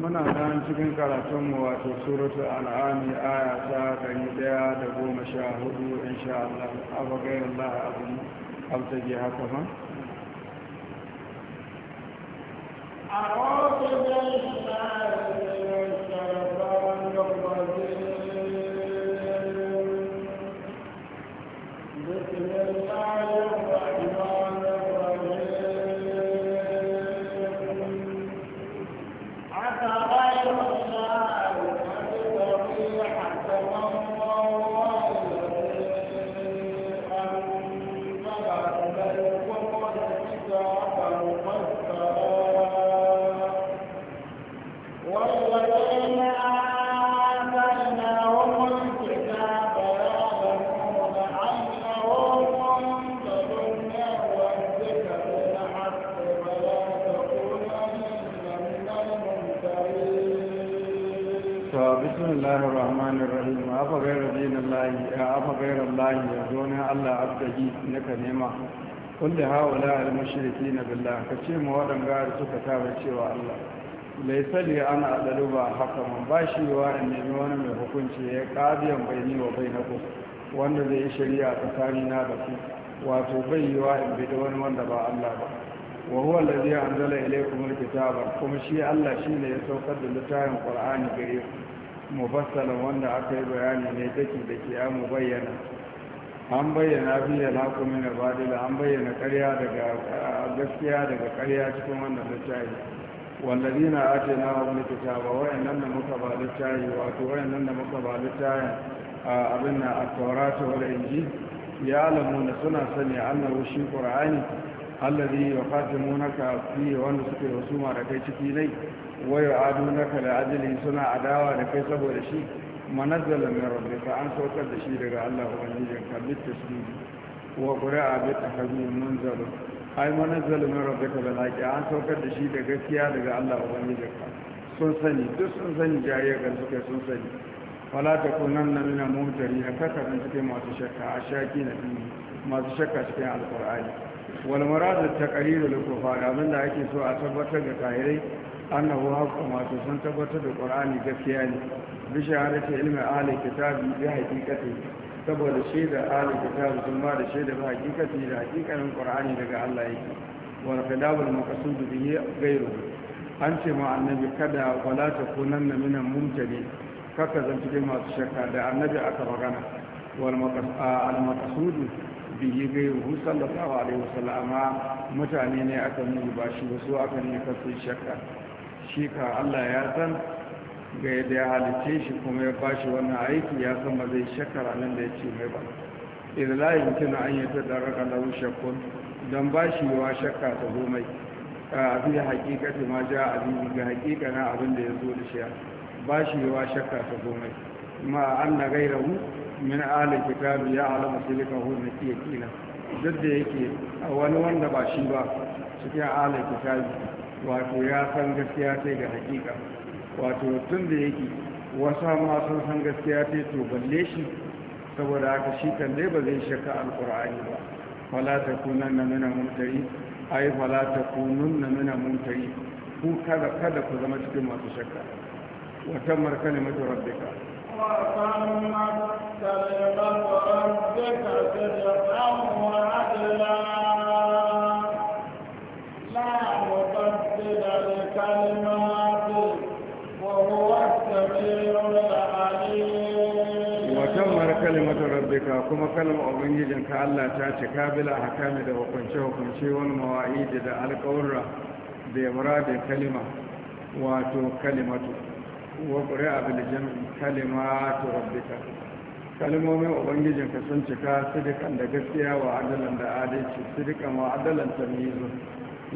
muna nan cikin karatunmu wato suratul al'ami aya ta 114 insha Allah abu gairar Allah abu abtaje haka ba? أعوذ بالله kulli haula al-mushriki na billah ka ce ma waɗanga da suka kama cewa Allah laisa li ana adalu ba haka man ba shi wa in nemi wani mai hukunci ya qadiyan baini wa bainakum wanda zai shari'a tsakani da ku wato bai yi wa in da wani wanda ba Allah ba wa huwa allazi anzala ilaykum al-kitaba kuma shi Allah shine ya saukar da littafin Qur'ani gare ku mufassalan wanda aka yi bayani ne dake da ke a mu bayyana an bayyana biya laƙo min albadila an bayyana karya daga gaskiya daga ƙarya cikin wannan littafi wallazi na ake na wani kitaba nan da muka ba littafi wato nan da muka ba littafi abin na a taurata wani inji ya alamu na suna sani annahu shi qur'ani allazi yuqatimuna fi wanda suke husuma da kai ciki nai? wayo adu naka da ajali suna adawa da kai saboda shi manazzala min rabbika an saukar da shi daga Allah ubangijin ka bi tasbih wa qura'a bi tahzim munzal ai manazzala min rabbika bil haqi an saukar da shi da gaskiya daga Allah ubangijin ka sun sani duk sun sani jariya ga suka sun sani wala takunanna min mumtari kaka kan cikin masu shakka a shaki na dini masu shakka cikin alqur'ani wal murad at taqrir lil kufar da ake so a tabbatar da kahirai annahu haqqu ma sun tabbatar da qur'ani gaskiya ne بشهادة علم أهل الكتاب بحقيقته saboda shaida ahli kitabu sun ba da shaida ba hakikati da hakikanin qur'ani daga Allah yake wa rafadabul maqsud bihi gairu? an ce ma annabi kada wala takunanna minal mumtadi kaka zan cikin masu shakka da annabi aka magana wal maqsud bihi gairu sallallahu alaihi wasallam mutane ne aka nuni ba shi ba aka ne kasu shakka shi ka Allah ya san ga yadda ya halice shi kuma ya bashi wannan aiki ya san ba zai shakara nan da ya ce mai ba idan layin yumkinu an yi ta yatadarraka lahu shakkun shi bashi yawa shakka ta zo mai a fi haqiqati ma ja a abin ga haqiqa na abin da ya zo da shi bashi yawa shakka ta zo mai ma gaira mu? min ala kitabu ya alama silikahu nakiyina duk da yake a wani wanda ba shi ba cikin ala kitabu wato ya san gaskiya sai ga haqiqa wato tun da yake wasu ma sun san gaskiya ta to balle shi saboda haka shi kan dai ba zai shaka alkur'ani ba fala ta kunan na mina mumtari ai fala ta kunun na mina mumtari ku kada kada ku zama cikin masu shakka wata marka mutu rabbika وَأَمَّا كَلِمَةُ رَبِّكَ تَجْعَلُهُ عَدْلًا rabbika kuma kalma ubangijin ka Allah ta ce kabila hakami da hukunce hukunce wani mawa'idi da alƙawarra da murabe kalima wato kalimatu wa qur'a bil jam'i kalimatu rabbika kalmomin ubangijin ka sun cika sidikan da gaskiya wa adalan da adalci sidikan wa adalan tamizu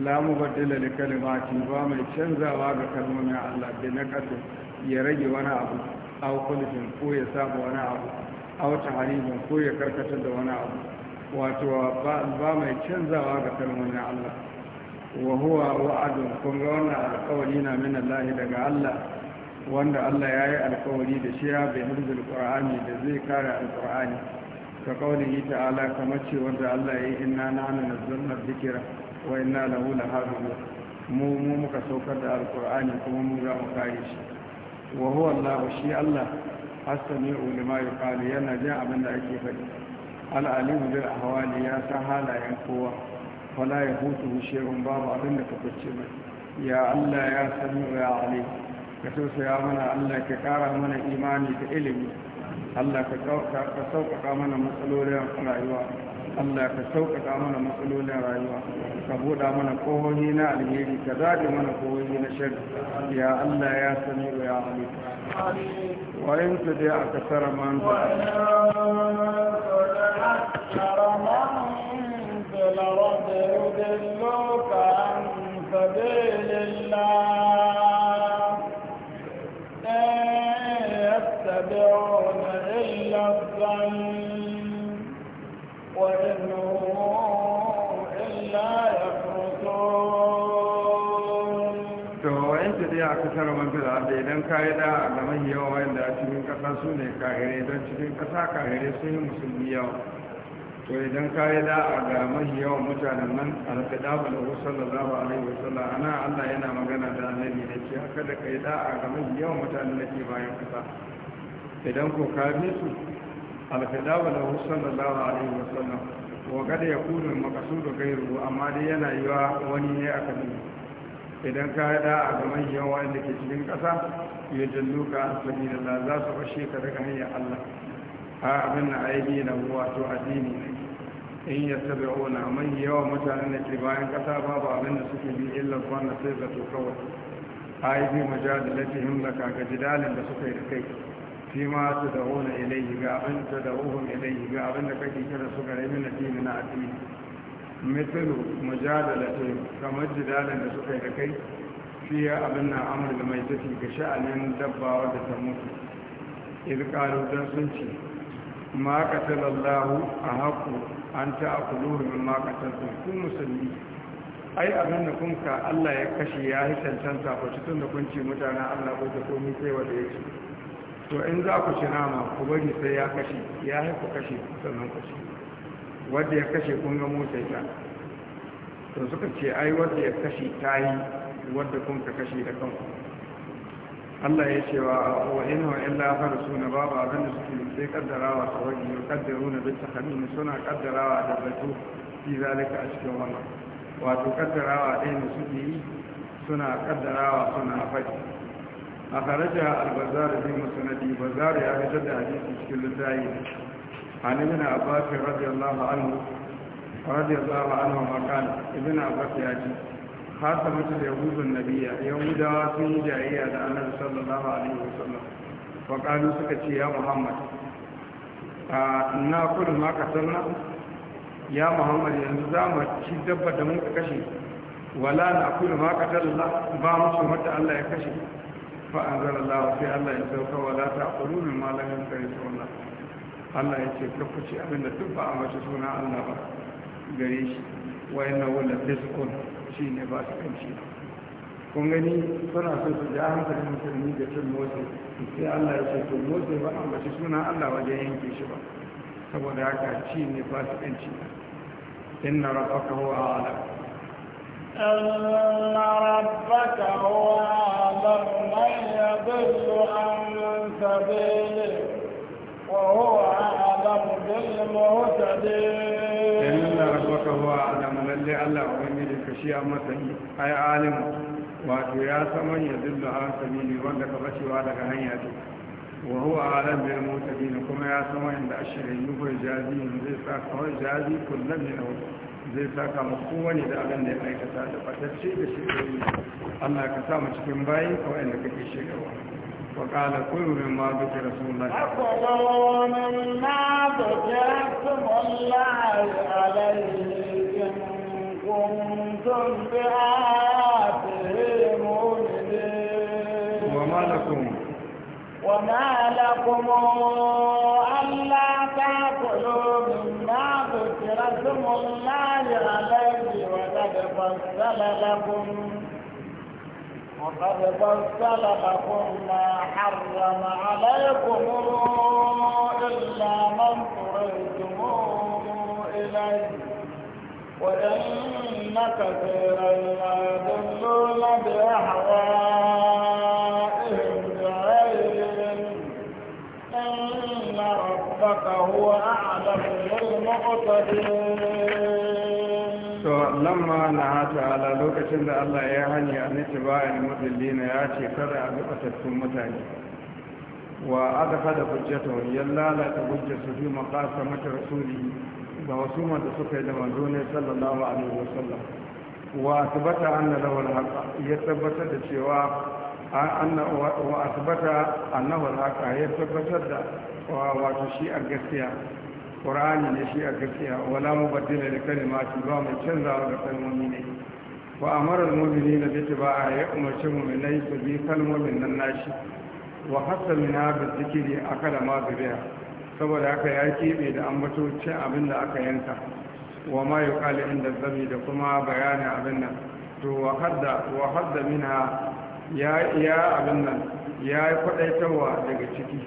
la mubaddila li kalimati ba mai canzawa ga kalmomin Allah da na naqatin ya rage wani abu aw kulfin ko ya saba wani abu a wata ko ya karkatar da wani abu wato ba mai canzawa ga kalmomin Allah wa huwa wa'adun kun ga wannan alƙawari na min Allah daga Allah wanda Allah ya yi alƙawari da shi ya bai hirzul Qur'ani da zai kare alƙur'ani ka kaulihi ta'ala kamar ce wanda Allah ya yi inna nahnu nazzalna dhikra wa inna lahu lahafizun mu mu muka saukar da alƙur'ani kuma mu za mu kare shi wa huwa Allah shi Allah as-sami'u lima yuqalu yana jin abin da ake faɗi al a hawa ahwali ya san halayen kowa wala hutu shay'un babu abin da ka fice mai ya Allah ya sami'u ya alim ka ya mana Allah ka kara mana imani da ilimi Allah ka sauƙaƙa mana matsalolin rayuwa Allah ka sauƙaƙa mana matsalolin rayuwa ka buɗa mana ƙohohi na alheri ka zaɗe mana ƙohohi na shari ya Allah ya sani ya halitta wayan su dai aka tsara man idan ka yi da ga mahi yawa wanda a cikin ƙasa su ne kahire don cikin ƙasa kahire sun yi musulmi yawa to idan ka yi da ga mahi yawan mutanen nan alƙada ba da wasu sallallahu wasu wasallam ana allah yana magana da annabi da ke haka da ka yi da ga mahi yawan mutanen da ke bayan ƙasa idan ko ka bi su alƙada ba da wasu sallallahu wasu wasallam wa kada ya kudin makasudu gairu amma dai yana yiwa wani ne a nuna idan ka haɗa a ga manyan da ke cikin ƙasa ya jalluka a sabida la za su fashe ka daga hanyar Allah a abin na aibi na wato addini ne in ya tabi ona mai yawa mutanen da ke bayan ƙasa babu abin da suke bi illa kwana sai zato kawai aibi majadalatihim da kaga jidalin da suka yi da kai fi ma ta da'una ilaihi ga abin ta da'uhum ilaihi ga abin da kake kira su gare min addini na addini mitalu mujadalatun kamar jidalan da suka yi da kai ya abin na amur da mai tafi ga sha'anin dabba da ta mutu irkaru don sun ce ma ka katalallahu a haku an ta aku lurin ma katattun ku musulmi ai abin da kun ka allah ya kashe ya yi cancanta ku cikin da kun ce mutanen allah ko ta komi sai wanda ya ce to in za ku ci nama ku bari sai ya kashe ya haifu kashe sannan kashe wadda ya kashe kun ga motsa ita? to suka ce ai wadda ya kashe ta yi wadda kun ka kashe da kanku Allah ya ce wa wa in wa illa farsu na babu abin da suke sai kaddarawa ta wajen ya kaddaro na bisa kamin suna kaddarawa da batu fi zalika a cikin wannan wato kaddarawa ɗaya da suke yi suna kaddarawa suna faɗi a kharaja al-bazar bi musnadi bazar ya fitar da hadisi cikin littafi عن ابن عباس رضي الله عنه رضي الله عنه قال ابن عباس ياتي خاتمة اليهود النبي يهودا في جاهية النبي صلى الله عليه وسلم فقالوا سكتي يا محمد ناكل ما كسرنا ya muhammad yanzu za mu ci dabba da muka kashe wala na kula ma katar Allah ba mu ci mata Allah ya kashe fa anzala Allah sai Allah ya sauka wala ta quluna Allah ya ce kafuci abinda duk ba a mace suna Allah ba gare shi wayan na wala fiskon shi ne ba su kanci kun gani suna so su ja hankalin musulmi da cin motsi sai Allah ya ce to motsi ba a mace suna Allah wajen yanke shi ba saboda haka ci ne ba su kanci inna rabbaka huwa alam إن ربك هو أعلم من يضل عن سبيله وهو أعلم بالمهتدين إن ربك هو أعلم للي الله ومن الكشيء مثلي أي عالم wato ya saman ya zillu a sabili wanda ka bacewa daga hanya ce wa huwa alam bil mutaqin kuma ya saman yanda ashirin yugo jazi zai saka wa jazi kullum ne zai saka mu kowane da abin da ya aikata da fatacce da shi Allah ka cikin da kake وقال كل مما ذكر رسول الله أكلوا مما ذكرتم الله عليه إن كنتم بآياته مؤمنين وما لكم وما لكم ألا تأكلوا مما ذكر اسم الله عليه وقد فصل لكم وقد فصل لكم ما حرم عليكم إلا ما اضطررتم إليه وإن كثيرا ليضلون بأهوائهم بغير إن ربك هو أعلم بالمقتدين lamma na ta'ala lokacin da Allah ya hani a nake bayan mudallina ya ce kada a gabatattun mutane wa aka kada hujjata ya lalata hujjar su fi makasa mata rasuli ga wasu da suka yi da manzo ne sallallahu alaihi wasallam wa tabbata anna lahu al ya tabbatar da cewa anna wa tabbata annahu al ya tabbatar da wato shi a gaskiya ƙur'ani ne shi a gaskiya wala mu baddila da kalimati ba mai canzawa da kalmomi ne wa amarar mumini na biki ba a ya umarci muminai su bi kalmomin nan nashi wa hasa mina da zikiri a kada ma saboda haka ya keɓe da ambatocin abin da aka yanka wa ma yi kali inda da kuma bayanin abin nan to wa hadda ha ya abin nan ya yi kwaɗaitarwa daga ciki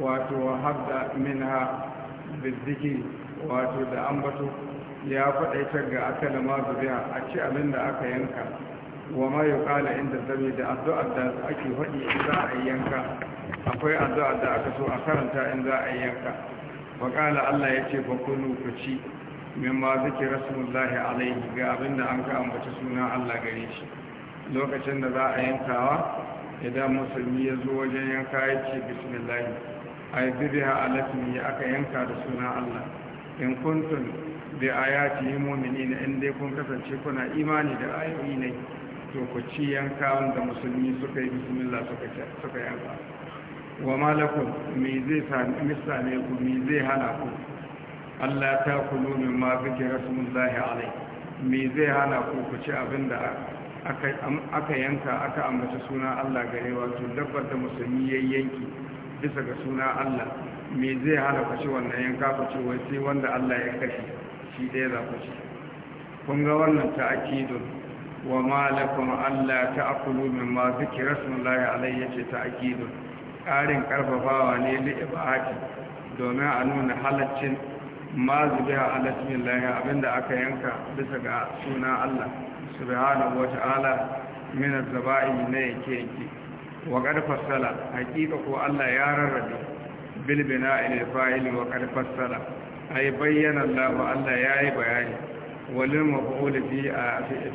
wato hadda ha. da ziki wato da ambato ya faɗaita ga asali ma zubiya a ci abin da aka yanka wa ma yi kala inda zabi da addu'ar da ake faɗi in za a yanka akwai addu'ar da aka so a karanta in za a yanka wa kala Allah ya ce bakunu ku ci mimma zikir rasulullahi alaihi ga abin da an ka ambaci suna Allah gare shi lokacin da za a yankawa idan musulmi ya zo wajen yanka ya ce bismillahi ay biha alati aka yanka da suna Allah in kuntum bi ayati mu'minina in dai kun kasance kuna imani da ayoyi ne to ku ci yanka wanda musulmi suka yi bismillah suka suka yanka wa malakum me zai sami misali ku me zai hana ku Allah ta kulu min ma fi rasulullahi alai me zai hana ku ku ci abinda aka yanka aka ambata suna Allah gare wato dabbar da musulmi ya yanki bisa ga suna Allah me zai hana ku wannan yanka ku ci wai sai wanda Allah ya kashe shi ɗaya za ku ci kun ga wannan ta'akidun wa ma lakum alla ta'kulu mimma zikra rasulullahi alayhi yace ta'akidun ƙarin karfafawa ne li ibahati domin a nuna halaccin ma a ala smillahi abinda aka yanka bisa ga suna Allah subhanahu wa ta'ala min az na ne yake yake wa fassala haƙiƙa ko Allah ya rarrabe bil bina'i lil fa'il wa qad fassala ay bayyana Allah Allah yi bayani walil maf'ul fi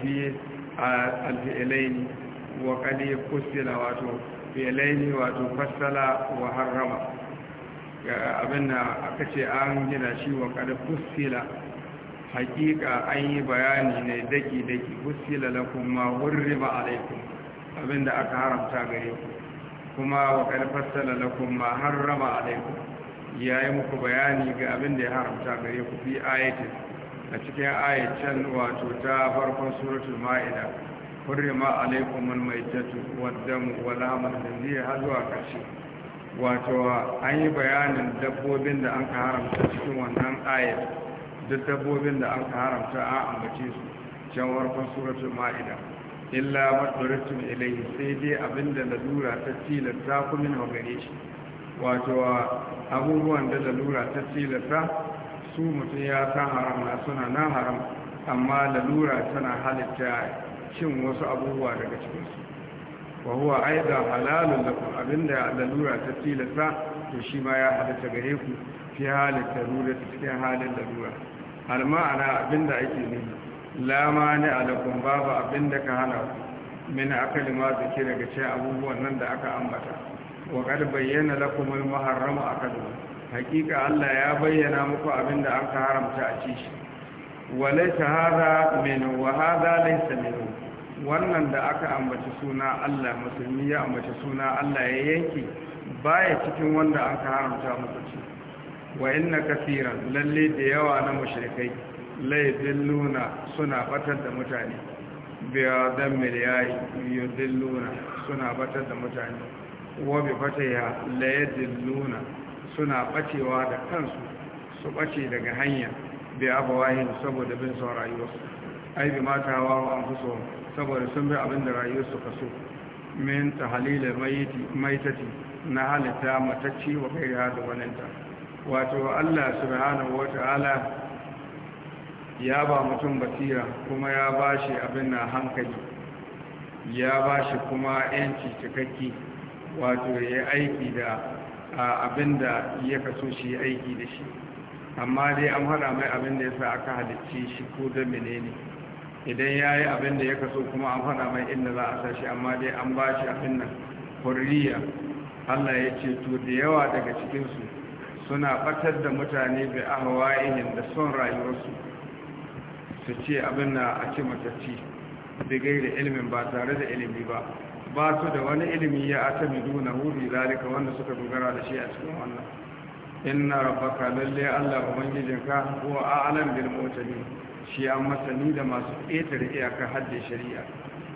fi al-fi'lain wa qad fassala wato fi'lain wato fassala wa harrama abinda aka ce an gina shi wa qad fassala hakika an yi bayani ne daki daki fassala lakum ma hurrima alaikum abin da aka haramta gare ku kuma wa fassala lakum kuma harrama alaikum ya yi muku bayani ga abin da ya haramta gare ku fi ayatin a cikin ayatan wato ta farkon suratul ma'ida hurrima mai almaitatu waddamu mu wala khinzir zai zuwa karshe wato an yi bayanin dabbobin da an ka haramta cikin wannan ayat duk dabbobin da an ka haramta a ambace su can farkon suratul ma'ida illa matsaratun ilai sai dai abinda lalura ta tilasta ku min gare shi wato abubuwan da lalura ta tilasta su mutum ya san haram na suna na haram amma lalura tana halitta cin wasu abubuwa daga cikinsu wa huwa aida halalun lakum abinda lalura ta tilasta to shi ma ya halitta gare ku fi halin lalura cikin halin lalura al ma'ana abinda ake nufi lama ne alakun babu abin da ka hana mini akali ma zuke daga ce abubuwan nan da aka ambata wa bayyana lakum al a akadu hakika Allah ya bayyana muku abin da aka haramta a ci shi wa laysa hada min wa hada laysa min wannan da aka ambaci suna Allah musulmi ya ambaci suna Allah ya yanki baya cikin wanda aka haramta mutunci ci wa inna kaseeran lalle da yawa na mushrikai laifin luna suna batar da mutane biya don miliyayi yudin luna suna batar da mutane wabi fataya layadin luna suna bacewa da kansu su bace daga hanya biya abawahin saboda bin son rayuwarsu aibi matawa wa an fi fuso saboda sun bi abin da rayuwarsu kaso min ta halilar maitati na halitta matacci wa kai da waninta wato allah subhanahu wa ta'ala ya ba mutum basira kuma ya ba shi abin na hankali ya ba shi kuma yanci cikakki wato ya aiki da abin da ya kaso shi aiki da shi amma dai an hada mai abin da ya sa aka halicci shi ko da ne. idan ya yi abin da ya kaso kuma an hada mai inda za a sa shi amma dai an ba shi abin nan hurriya allah ya ce to da yawa daga cikinsu suna batar da mutane bai ahawa da son rayuwarsu su ce abin na a ce matacci da gaira ilimin ba tare da ilimi ba ba su da wani ilimi ya atami duna hudu zalika wanda suka dogara da shi a cikin wannan inna rabbaka lalle Allah ubangijinka huwa a'lam bil mutaqin shi an masani da masu ƙetare iyakar hadde shari'a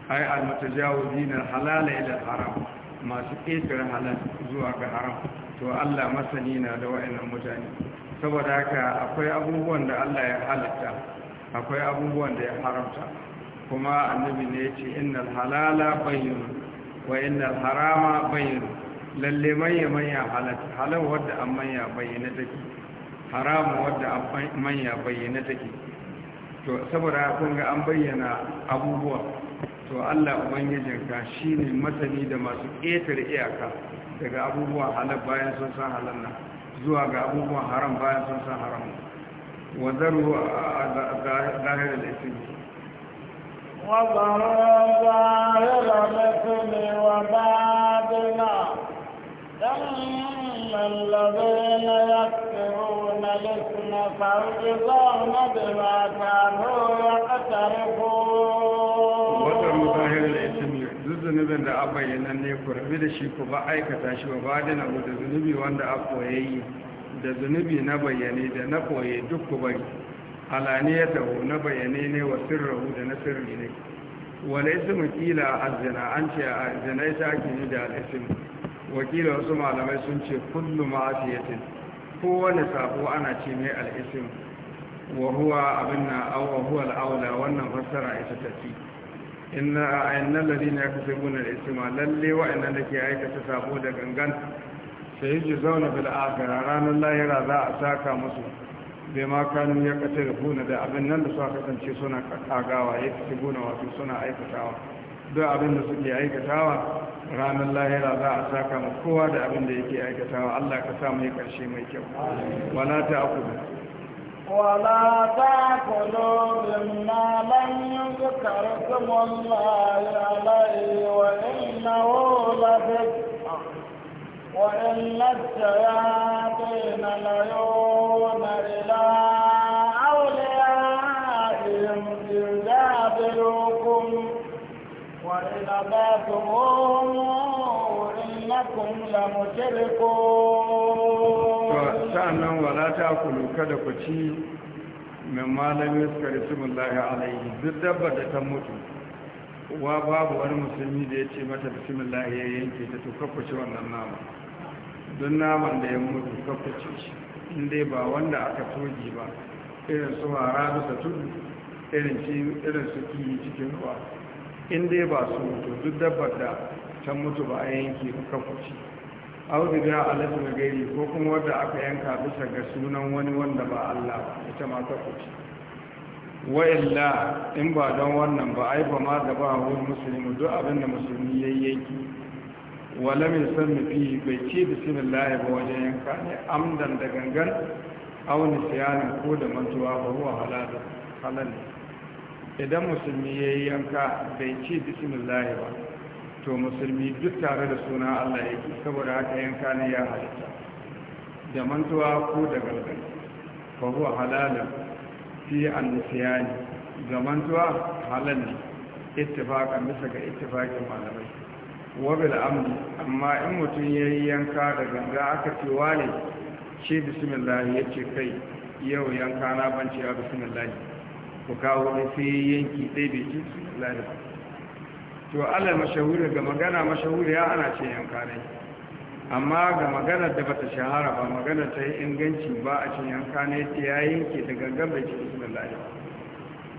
ai al jawo al halal ila haram masu ƙetare halal zuwa ga haram to Allah masani na da wa'annan mutane saboda haka akwai abubuwan da Allah ya halatta akwai abubuwan da ya haramta kuma annabi ne ya ce innal halala bayyin wa innal harama bayyin lalle manya manya halatta halal wadda an manya bayyana take haram wadda an manya bayyana take to saboda kun ga an bayyana abubuwa to Allah shi shine masani da masu ƙetare iyaka daga abubuwan halal bayan sun san halal nan zuwa ga abubuwan haram bayan sun san haram وذروا ظاهر الاسم وظهروا ظاهر الاسم وباطنا إن الذين يكفرون الاسم فارجزون بما كانوا يقترفون وذروا ظاهر الاسم duk zunubin da a bayyana ne ku rabi da shi ku ba aikata shi ba ba da na da zunubi wanda a koyayyi da zunubi na bayyane da na koye duk ku bari alaniyatahu na bayyane ne wa sirrahu da na sirri ne wala ismu kila azna an ce azna ita ake ni da alisim wakila wasu malamai sun ce kullu ma'asiyatin wani sabo ana ce mai alisim wa huwa abinna aw huwa wannan fassara ita tafi inna innal ladina yakfuruna al-isma lalle wa inna ke aikata sabo da gangan sai ji zaune bil akara ranar lahira za a saka musu bai ma kanu ya kace da buna da abin nan da suka kasance suna kagawa ya kace buna wato suna aikatawa duk abin da suke aikatawa ranar lahira za a saka mu kowa da abin da yake aikatawa Allah ka sa mu yi karshe mai kyau wala ta akubu ولا تأكلوا مما لم يذكر اسم الله عليه وإنه لذكر وإن الشياطين ليوم إلى أوليائهم يجادلوكم وإن إنكم لمشركون ولا تأكلوا كذا suka alaihi duk dabba da ta mutu wa babu wani musulmi da ya ce mata bismillah ya yanke ta to wannan nama don naman da ya mutu kakwace shi inda ba wanda aka toge ba irin su hara bisa tudu irin su kiyi cikin ruwa inda ba su mutu duk dabbar da ta mutu ba a yanki kakwace auduga alatul gairi ko kuma wadda aka yanka bisa ga sunan wani wanda ba Allah ita ma Wa wa'illa in ba don wannan ba ai ba ma da ba wani musulmi duk abin da musulmi yayyanki wala mai san mafi bai ce bismillah ba wajen yanka ne amdan da gangan auni siyanin ko da mantuwa ba ruwa halal halal idan musulmi ya yi yanka bai ce bismillah ba to musulmi duk tare da suna allah ya yake saboda haka yanka ne ya halitta da mantuwa ko da gangan ba ruwa halal fi an siyani ga mantuwa halal ne ittifakan bisa ga ittifakin malamai wabil amdi amma in mutum ya yi yanka da ganga aka ce wale ce bismillah ya ce kai yau yanka na banci a bismillah ku kawo ne sai yanki ɗaya bai ce bismillah to allah mashahuri ga magana mashahuri ya ana ce yanka ne amma ga maganar da bata shahara ba maganar ta yi inganci ba a ce yanka ne ta ya yanke da gangan bai ce bismillah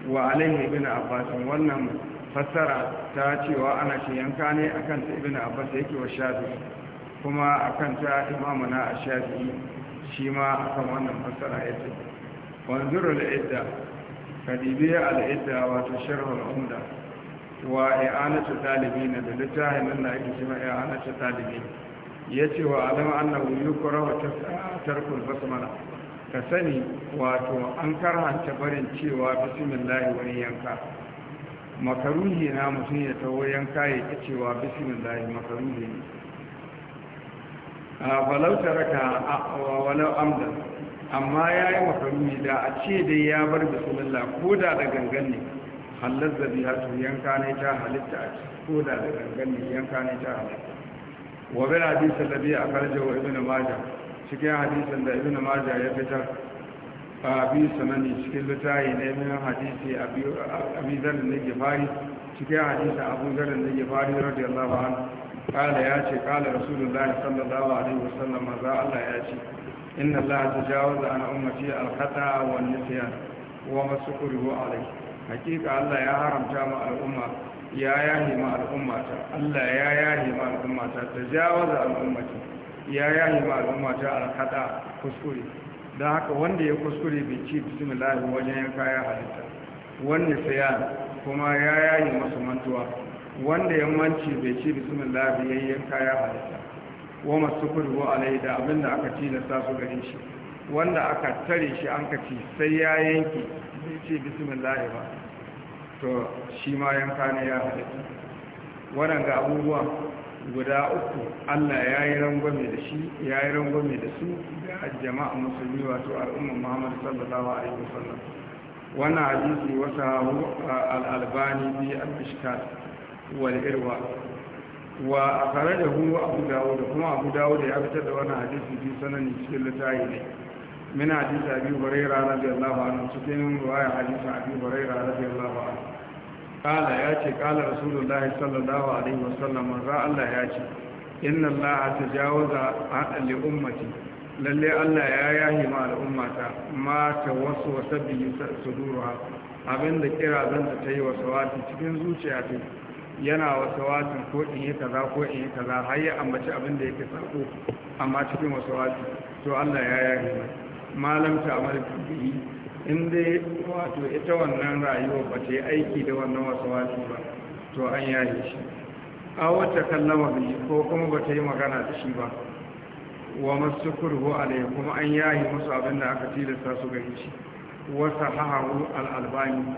wa alaihi ibn abbasin wannan fassara ta cewa ana ce yanka ne a kanta ibina abbas yake wa shafi kuma a kanta imamuna a shafi shi ma a kan wannan fassara ya ce wanzuru al'idda kadibiyar al'idda wato sharhul umda wa i'anatu talibi na da littafin nan da ake cewa i'anatu talibi ya ce wa alama annahu yukrahu tarkul basmala ka sani wato an karhanta barin cewa bismillah wani yanka makaruhi na mutum ya tawo yanka ya ki cewa bismillah makaruhi ne walau taraka walau amdan amma ya yi makaruhi da a ce dai ya bar bismillah ko da da gangan ne hallar zabihatu yanka ne ta halitta a ko da da gangan ne yanka ne ta halitta wa bil hadisi a akhrajahu ibn majah cikin hadisin da ibn majah ya fitar a bi sanani cikin litayi na yamin hadisi abi zarin da gifari cikin hadisi abu zarin da gifari radiyallahu an kala ya ce kala rasulullahi sallallahu alaihi wasallam maza allah ya ce inna allah ta jawo da ana umarci alkata wa nisiyan wa masu kurihu alai hakika allah ya haramta ma al'umma ya yahi ma al'ummata allah ya yahi ma al'ummata ta jawo da al'ummata ya yahi ma al'ummata alkata kuskure don haka wanda ya kuskure bai ci bismillah wajen yanka ya halitta wanda saya kuma ya yayi masa mantuwa wanda ya manci bai ci bismillah ya yanka ya halitta wa masukuru wa alai da abinda aka tilasta su gare shi wanda aka tare shi an ka sai ya yanki bai ci bismillah ba to shi ma yanka ne ya halitta waɗanda abubuwa guda uku Allah ya yi rangwame da shi ya yi rangwame da su da jama'a musulmi wato al'ummar Muhammad sallallahu alaihi wasallam wannan hadisi wasa al-albani bi al-ishkal wal irwa wa akhrajahu abu dawud kuma abu dawud ya fitar da wannan hadisi bi sanani cikin litafi ne min hadisi abi hurairah radiyallahu anhu cikin riwaya hadisi abi hurairah radiyallahu anhu kala ya ce kala rasulullah sallallahu alaihi wasallam ra Allah ya ce inna Allah tajawaza an li ummati lalle Allah ya yahi ma al'ummata ma tawaswasa bi suduruha abinda kira zan ta yi wati cikin zuciya ta yana wati ko in yi kaza ko in yi kaza har ya ambaci abinda yake sako amma cikin wati, to Allah ya yahi malam ta amal bihi in dai wato ita wannan rayuwa ba ta yi aiki da wannan wasu wasu ba to an yaye shi a wata kallama bi ko kuma ba ta yi magana da shi ba wa masu kurhu da kuma an yaye musu abin da aka tilasta su gani shi wasa haharu al'albani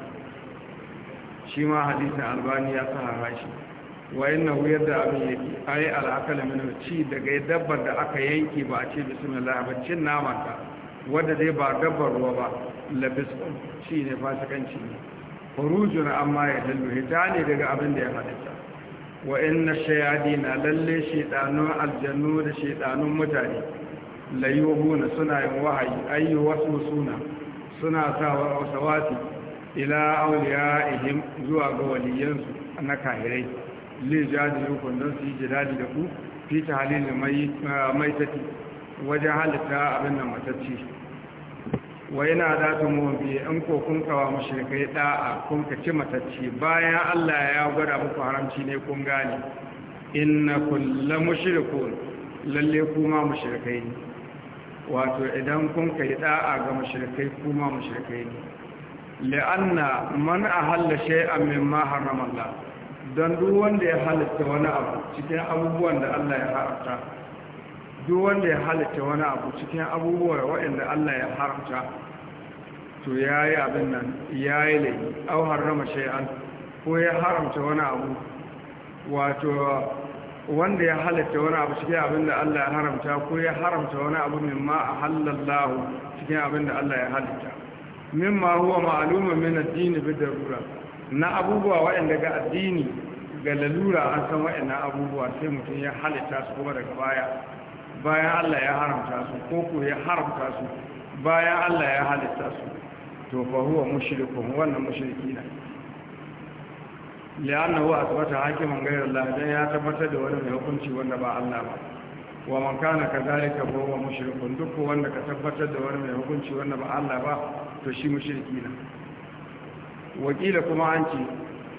shi ma hadisin albani ya sahara shi wa na wuyar da abin ya yake a al'akala min ci daga dabbar da aka yanke ba a ce bismillah ba cin namanta wadda dai ba dabbar ruwa ba labisun shi ne fasikanci ne na amma ya dallu hita ne daga abin da ya halitta wa shayadi na lalle shedanun aljannu da shedanun mutane layuhuna suna yin wahayi ayyu wasu suna suna sa wa wasawati ila ihim zuwa ga waliyansu na kahirai li jadilukum don su yi jidali da ku fi mai ah, tafi wajen halitta abin nan matacci wa yana za tumo mobi in ko kun kawa mushrikai da'a kun ka ci matacci bayan Allah ya gwada muku haramci ne kun gane inna kullu mushrikun lalle kuma mushrikai ne wato idan kun kai da'a ga mushrikai kuma mushrikai ne la'anna man ahalla shay'an mimma harrama Allah dan duk wanda ya halatta wani abu cikin abubuwan da Allah ya haramta duk wanda ya halitta wani abu cikin abubuwa waɗanda Allah ya haramta to ya yi abin nan ya yi laifi au harama shay'an ko ya haramta wani abu wato wanda ya halitta wani abu cikin abin da Allah ya haramta ko ya haramta wani abu min ma a halallahu cikin abin da Allah ya halitta ma huwa ma'aluma min addini bi darura na abubuwa waɗanda ga addini ga lalura an san waɗannan abubuwa sai mutum ya halitta su kuma daga baya bayan Allah ya haramta su ko ku ya haramta su bayan Allah ya halitta su to fa huwa mushrikun wannan mushriki ne lianna huwa asbata hakiman ghayra Allah dan ya tabbatar da wani mai hukunci wanda ba Allah ba wa man kana kadhalika fa huwa mushrikun duk wanda ka tabbatar da wani mai hukunci wanda ba Allah ba to shi mushriki ne wakila kuma an ce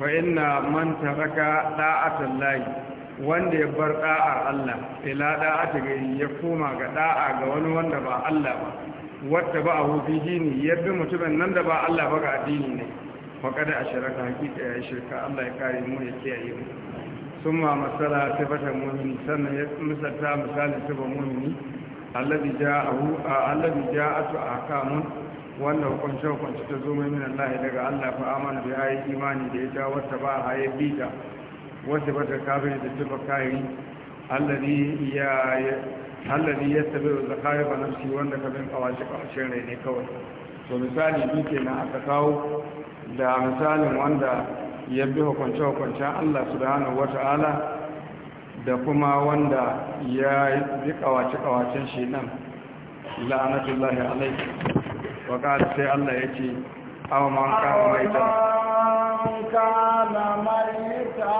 fa inna man taraka da'atan lahi wanda ya bar da'a Allah ila da'a ta ga ya koma ga da'a ga wani wanda ba Allah ba wata ba abu dini ya bi mutumin nan da ba Allah ba ga addini ne kada a shirka hakika ya shirka Allah ya kare mu ya kiyaye mu sun masala matsala ta fata muhimmi sannan ya misalta misalin ta ba muhimmi alladhi ja'atu a hakamun wanda hukunce hukunce ta zo mai min Allah daga Allah fa amana bi ayi imani da ya ta wata ba a bi bita wanda bata kafin da tuba kayi alladi ya ya tabi da zakari ba shi wanda ka bin kawace kawacin rai ne kawai to misali bi na aka kawo da misalin wanda ya bi hukunce hukunce Allah wata wata'ala da kuma wanda ya bi kawashe kawacen shi nan la'anatullahi alaihi wa sai Allah ya ce. أو من كان ميتا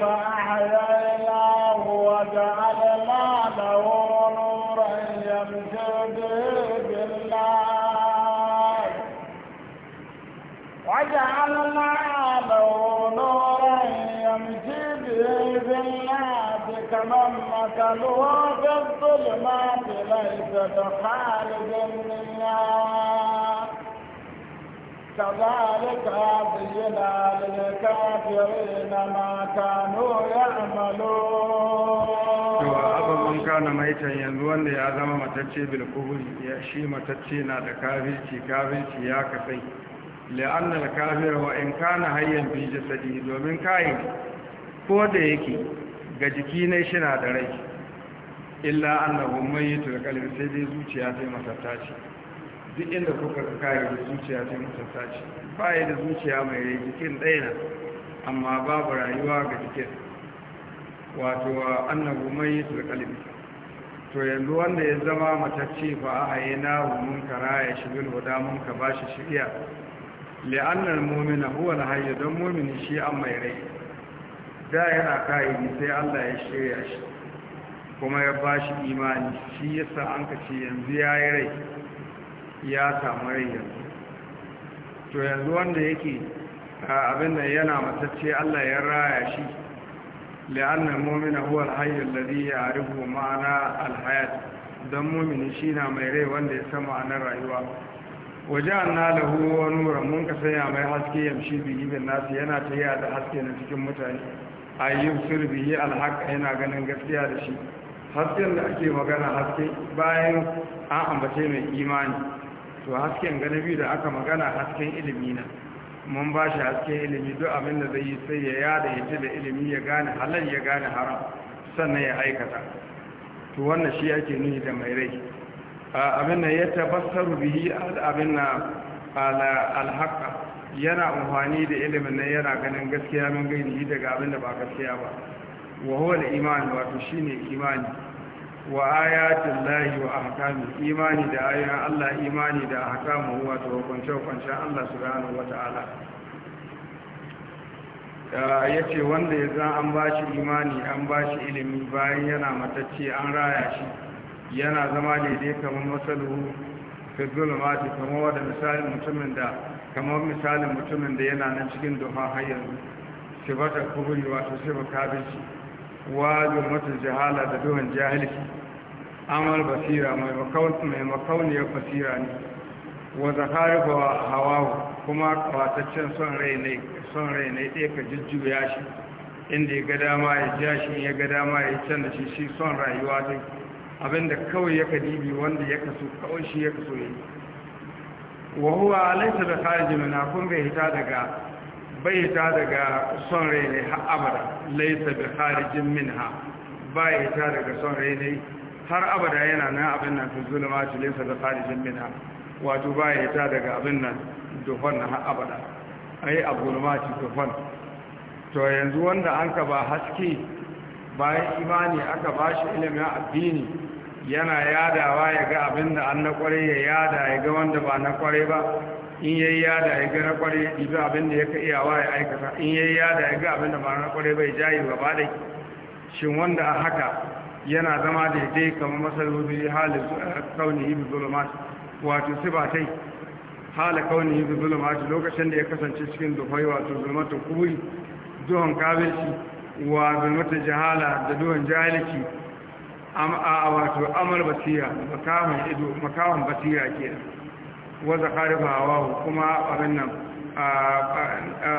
فأحييناه وجعلنا له نورا يمشي به بالله وجعلنا له نورا كمن مكنه في الظلمات ليس بخارج منها كذلك زينا للكافرين ما كانوا يعملون abin kana maitan yanzu wanda ya zama matacce bil ya shi matacce na da kafirci kafirci ya kafai la'anna al kafir wa in kana hayyan bi domin kai ko da yake ga jiki ne shi na da rai illa annahu mayyitul qalbi sai dai zuciya sai masa duk inda kuka kare da zuciya ta mutum sace ba yi da zuciya mai rai jikin ɗaya amma babu rayuwa ga jikin wato wa annabu mai kalibi to yanzu wanda ya zama matacce fa a haye na mun kara ya shigil huda mun ka ba shi shirya li'annar mumina huwa na hanyar don mumini shi an mai rai da yana kayi sai allah ya shirya shi kuma ya ba shi imani shi yasa an ka ce yanzu ya yi rai ya samu rai yanzu to yanzu wanda yake abin da yana matacce Allah ya raya shi la'annal momina huwa al-hayy ya ya'rifu ma'ana alhayat don momini shi na mai rai wanda ya san ma'anar rayuwa na lahu wa nura, mun ka sanya mai haske yamshi biyu bin nasi yana tafiya da haske na cikin mutane ayyub sir bihi alhaq yana ganin gaskiya da shi hasken da ake magana haske bayan an ambace mai imani to hasken gane biyu da aka magana hasken ilimi na mun ba shi hasken ilimi duk abin da zai yi sai ya yada ya ce da ilimi ya gane halal ya gane haram sannan ya aikata to wannan shi ake nuni da mai rai abin nan ya tabassaru bihi abin na alhaka yana amfani da ilimin nan yana ganin gaskiya mun gaini daga abin da ba gaskiya ba wa huwa da imani wato shine imani wa ayatin lahi wa ahkami imani da ayoyin Allah imani da ahkamu wato hukunce-hukuncen Allah subhanahu wa ta'ala ya ce wanda ya zan an ba shi imani an ba shi ilimi bayan yana matacce an raya shi yana zama daidai kamar fi fizzulmati kamar wadda misalin mutumin da kamar misalin mutumin da yana nan cikin duhan har yanzu bata kuburi wato sifa kabinci wa jummatul jahala da duhun jahilci amal basira mai makauniyar basira ne wa zakarifa hawawu kuma kawataccen son rai ne son rai ne ɗaya ka jujjuya shi inda ya ga dama ya ja shi ya ga dama ya can da shi shi son rayuwa dai abinda kawai ya dibi wanda ya kaso kawai shi ya kaso yi wa huwa alaisa da khariji min kun bai hita daga bai daga son rai ne har abada laisa bi kharijin minha bai daga son rai ne har abada yana nan abin nan fi shi laisa bi kharijin minha wato bai daga abin nan duhon na har abada ai abulmati duhon to yanzu wanda an ka ba haske bayan imani aka bashi ilimin addini yana yadawa ya ga abin da an na kware ya yada ya ga wanda ba na kware ba in yayi yada ya ga na kware ibi abin da yake wa ya aikata in yayi yada ya ga abin da ba na kware bai jayi ba da shin wanda a haka yana zama daidai kamar masarufi halin eh, kauni bi zulumat wato ba tai halin kauni bi zulumat lokacin da ya kasance cikin dufai wato zulmatun kuri, duhun kabilci wa zulmatun jahala da duhun jahilci a wato amal basira makawan ido makawan basira kenan waza harifa hawahu kuma abin nan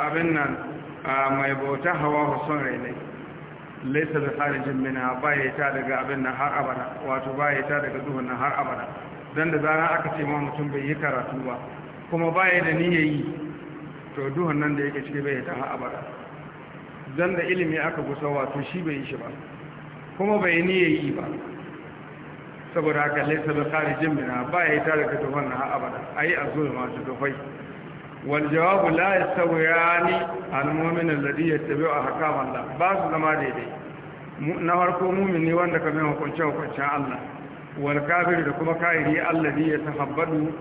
abin nan mai bauta hawahu son rai ne laisa da harijin mina baya ta daga abin nan har abada wato baya ta daga duhun nan har abada don da zara aka ce ma mutum bai yi karatu ba kuma baya da niyayi to duhun nan da yake ciki bai ta har abada don da ilimi aka gusa wato shi bai yi shi ba kuma bai niyayi ba saboda haka laisa bi kharijin minha ba ya tare da tufan na abada ayi azulma ta tufai wal jawabu la yastawiyani al mu'min alladhi yattabi'u ahkam Allah ba su zama daidai na farko mu'mini wanda ka mai hukunce hukuncen Allah wal kafir da kuma kafiri alladhi yatahabbadu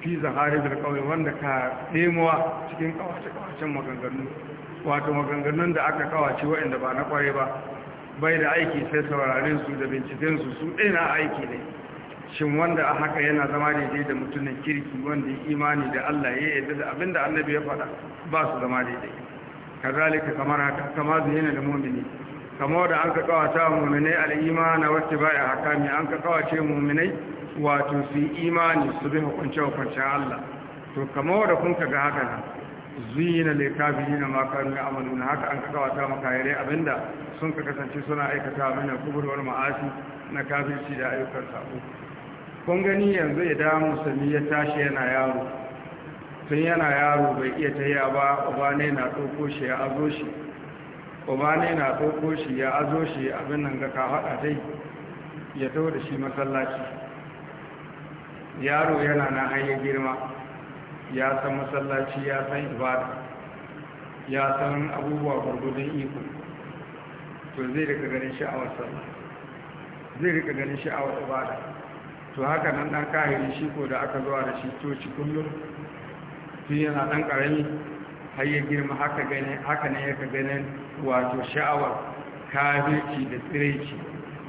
fi bil qawl wanda ka demuwa cikin kawace kawacen maganganu wato maganganun da aka kawace wa'anda ba na kware ba bai da aiki sai saurarin su da binciken su su ɗina aiki ne shin wanda a haka yana zama daidai da mutumin kirki wanda ya imani da Allah ya yi da abinda annabi ya faɗa ba su zama daidai kazalika kamar haka kama yana da mumini kama da an ka kawata muminai al'imana wacce baya hakami an ka kawace muminai wato su yi imani su bi hukunce hukuncen Allah to kama da kun ka ga haka nan zuyina na na ma amma ya'maluna haka an kawata makayare abinda sun ka kasance suna aikata mana kuburwar kubur wal ma'asi na kafirci da ayyukan sabo kun gani yanzu ya damu musulmi ya tashi yana yaro tun yana yaro bai iya tahiya ba uba ne na ɗauko shi ya azo shi uba ne na ɗauko shi ya azo shi abin nan ga ka haɗa dai ya taho da shi masallaci yaro yana na hanyar girma ya san masallaci ya san ibada ya san abubuwa gurgudun iko to zai rika ganin sha'awar sallah zai rika ganin sha'awar ibada to haka nan dan kahiri shi ko da aka zuwa da shi to ci kullum tun yana dan karami har ya girma haka gane haka ne yaka ganin wato sha'awar kafirci da tsiraici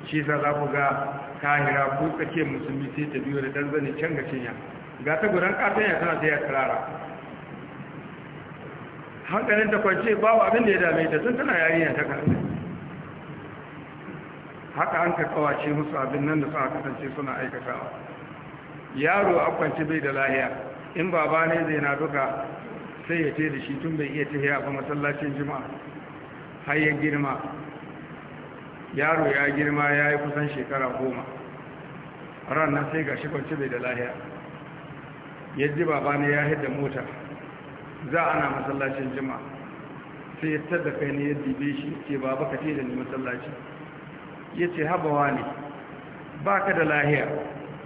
shi sa za ku ga kahira ko tsakiyar musulmi sai ta biyo da dan zane can ga cinya ga ta gudan katon ya tana ya karara hankalin ta kwance babu abin da ya dame ta sun tana yarinya ta karfe haka an ka kawace musu abin nan da suka kasance suna aikatawa yaro a kwanci bai da lahiya in ba ne zai na duka sai ya ce da shi tun bai iya tafiya ba masallacin jima'a har ya girma yaro ya girma ya yi kusan shekara goma ran nan sai ga shi kwanci bai da lahiya ya ji babana ya hidda mota za ana masallacin jima sai ya da kai ne ya dibe shi ce baba ka da ni masallaci ya ce habawa ne ba ka da lahiya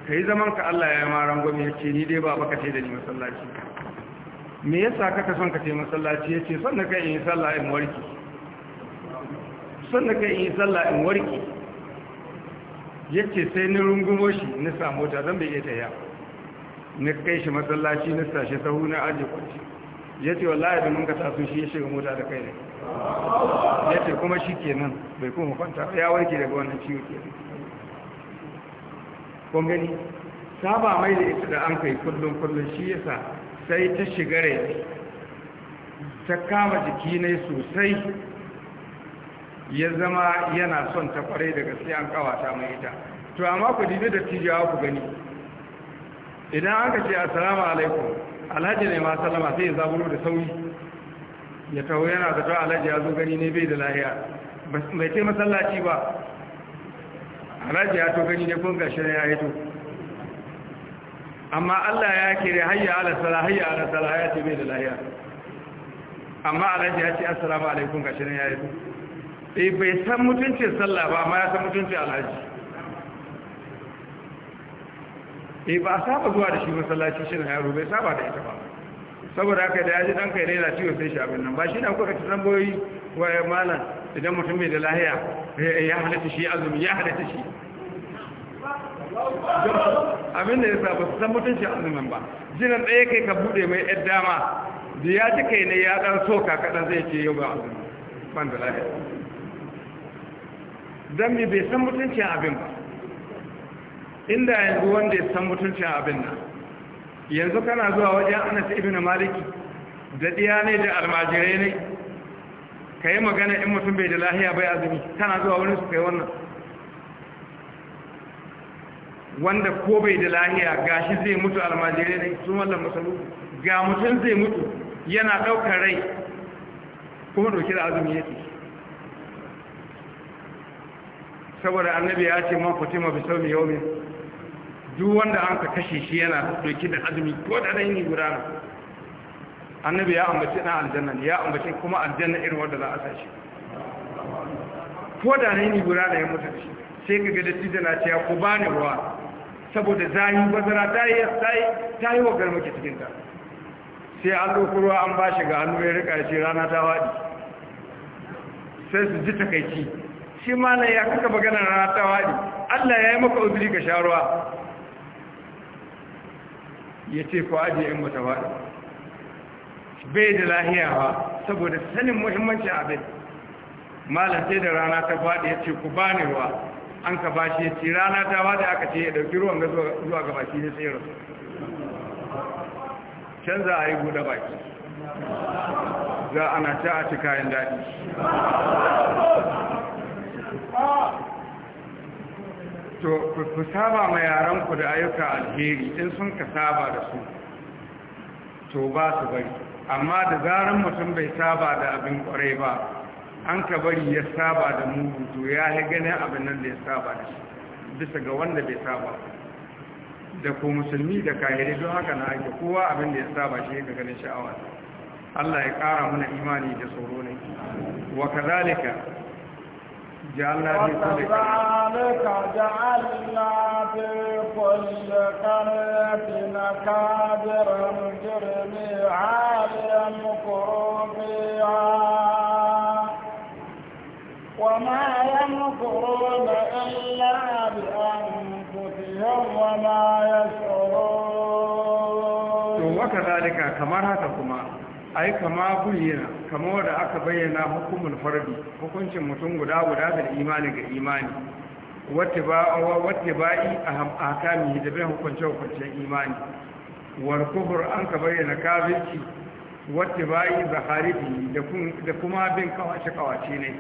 ka yi zaman ka Allah ya ma gwamnati ya ce ni dai baba ka da ni masallaci me yasa kaka son ka ce matsalashi ya ce sannan kai in yi sallah in warki sannan kai in yi sallah in warki ya ce sai ni rungumo shi ni samu ta zan bai iya ta yawa na kai shi masallaci na sashe sahu na aji ya ce wallahi da domin ka taso shi ya shiga mota da kai ne ya ce kuma shi ke nan, bai kuma kwanta ya warke daga wannan ciwo kenan kun gani saba mai da ita da an kai kullum kullum shi yasa sai ta shiga rai ta kama jiki ne sosai ya zama yana son ta kwarai daga gaske an kawata mai ita to amma ku didi da tijawa ku gani idan aka ce assalamu alaikum alhaji ne ma sallama sai ya zaburo da sauyi. ya tawo yana zato alhaji ya zo gani ne bai da lahiya bai ce masallaci ba alhaji ya to gani ne kun gashi ya yi to amma Allah ya kire hayya ala sala hayya ala sala ya ce bai da lahiya amma alhaji ya ce assalamu alaikum gashi ya yi hito eh, bai san mutuncin sallah ba amma ya san mutuncin alhaji eh ba a saba zuwa da shi masallaci shi na yaro bai saba da ita ba saboda haka da ya ji kai ya na ciwo sai shi abin nan ba shi na kuka ci tambayoyi wa ya malam idan mutum mai da lahiya eh, ya halitta shi azumi ya halitta shi abin da ya sa ba su san mutunci azumin ba jinan ɗaya kai ka buɗe mai yar dama da ya ji kai ne ya ɗan soka kaɗan zai ce yau ba azumi ban da lahiya don mai bai san mutunci abin ba inda yanzu wanda ya san mutuncin abin nan yanzu kana zuwa wajen anas ibn maliki da diya ne da almajirai ne ka yi magana in mutum bai da lahiya bai azumi kana zuwa wani su kai wannan wanda ko bai da lahiya ga shi zai mutu almajirai ne su wallan masalu ga mutum zai mutu yana ɗaukar rai kuma ɗauki da azumi yake saboda annabi ya ce man fatima bi saumi yawmi duk wanda an ka kashe shi yana doki da azumi ko da dai ni gudana annabi ya ambaci na aljanna ya ambaci kuma aljanna irin wanda za a sa shi ko da dai ni gudana ya mutu shi sai kaga da tijin na ce ku bani ruwa saboda zahi bazara yi yi ta yi wa ke cikin ta sai an ɗauki ruwa an ba shi ga hannu ya rika ya ce rana ta waɗi sai su ji takaici shi mala ya kaka magana na ta Allah ya yi maka uzuri ka sharuwa ya ce ku ajiye in ba ta wadi bai da lahiya ba saboda sanin muhimmancin abin malam sai da rana ta faɗi ya ce ku ba ruwa. an ka ba shi ya ce rana ta faɗi aka ce ya ɗauki ruwan ga zuwa ga bashi ne sai can za a yi guda baki za ana ta a cika kayan daɗi to ku saba ma yaranku da ayyuka alheri in sun ka saba da su to ba su bari amma da zaran mutum bai saba da abin kwarai ba an ka bari ya saba da mugu to ya yi ganin abin nan da ya saba da shi bisa ga wanda bai saba da ko musulmi da kahiri don haka na ake kowa abin da ya saba shi ga ganin sha'awa Allah ya ƙara mana imani da tsoro ne wa kazalika جعلنا في كل وكذلك جعلنا في كل قرية أكابر مجرمي عاليا مكروا فيها وما يمكرون إلا بأنفسهم وما يشعرون وكذلك كما هكذا ai kama bayyana kama wanda aka bayyana hukumul fardi hukuncin mutum guda guda da imani ga imani yi a hakami da bai hukunce-hukuncen imani war kubur an ka bayyana kafirci yi zaharifi da kuma bin kawace-kawace ne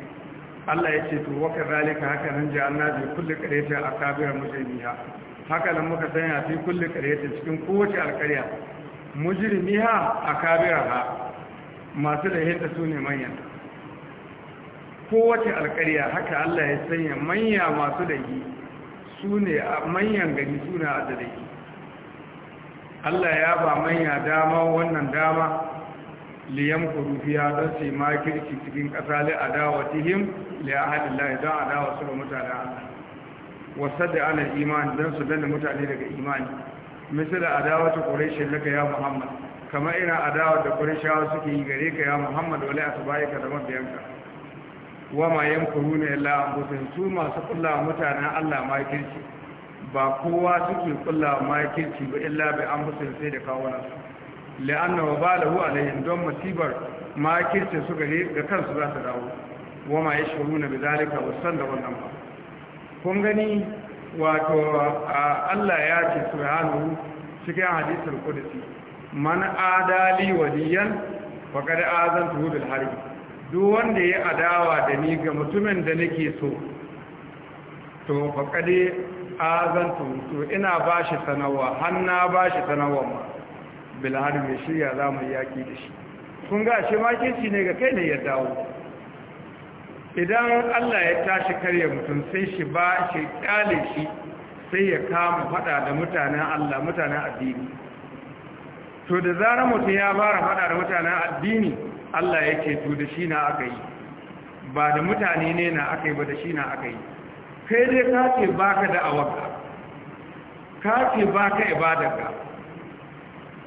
Allah ya ce to waka zalika haka nan ji bi kulli qaryati akabira mujribiha haka nan muka sanya fi kulli qaryati cikin kowace alƙarya mujrimiha ha, masu lahinta su ne manyan kowace alƙarya haka Allah ya sanya manya masu laihi su ne manyan gari su ne da Allah ya ba manya dama wannan dama liyan kurufiya don su yi makirci cikin ƙasa li adawa liya li ahadin lahi don adawa su ga mutane Allah wasa da ana imani don su danna mutane daga imani misal ta quraish laka ya muhammad kama ina adawa da qurayshawa suke yi gare ka ya muhammad wala ka da mabiyanka wa ma yamkuruna illa ambutun su masu kullawa mutanen Allah ma kirki ba kowa suke kullawa ma kirki ba illa bi ambutun sai da kawunansu la'anna wabalahu alaihim don masibar ma kirce su gare ga kansu za su dawo wa ma yashuruna bi zalika wasan da wannan ba kun gani wato Allah ya ce subhanahu cikin hadisul qudsi man adali waliyan faqad azantu bil harbi duk wanda ya adawa da ni ga mutumin da nake so to faqad azantu to ina bashi sanawa hanna bashi sanawa bil harbi shi ya zamu yaki da shi kun ga shi ma ne ga kai ne ya dawo idan Allah ya tashi karya mutum sai shi ba shi kyale shi sai ya kama fada da mutanen Allah mutanen addini to da zara mutum ya fara fada da mutanen addini Allah ya ce to da shi na aka yi ba da mutane ne na aka yi ba da shi na aka yi kai dai ka ce baka da awaka ka ce baka ibadarka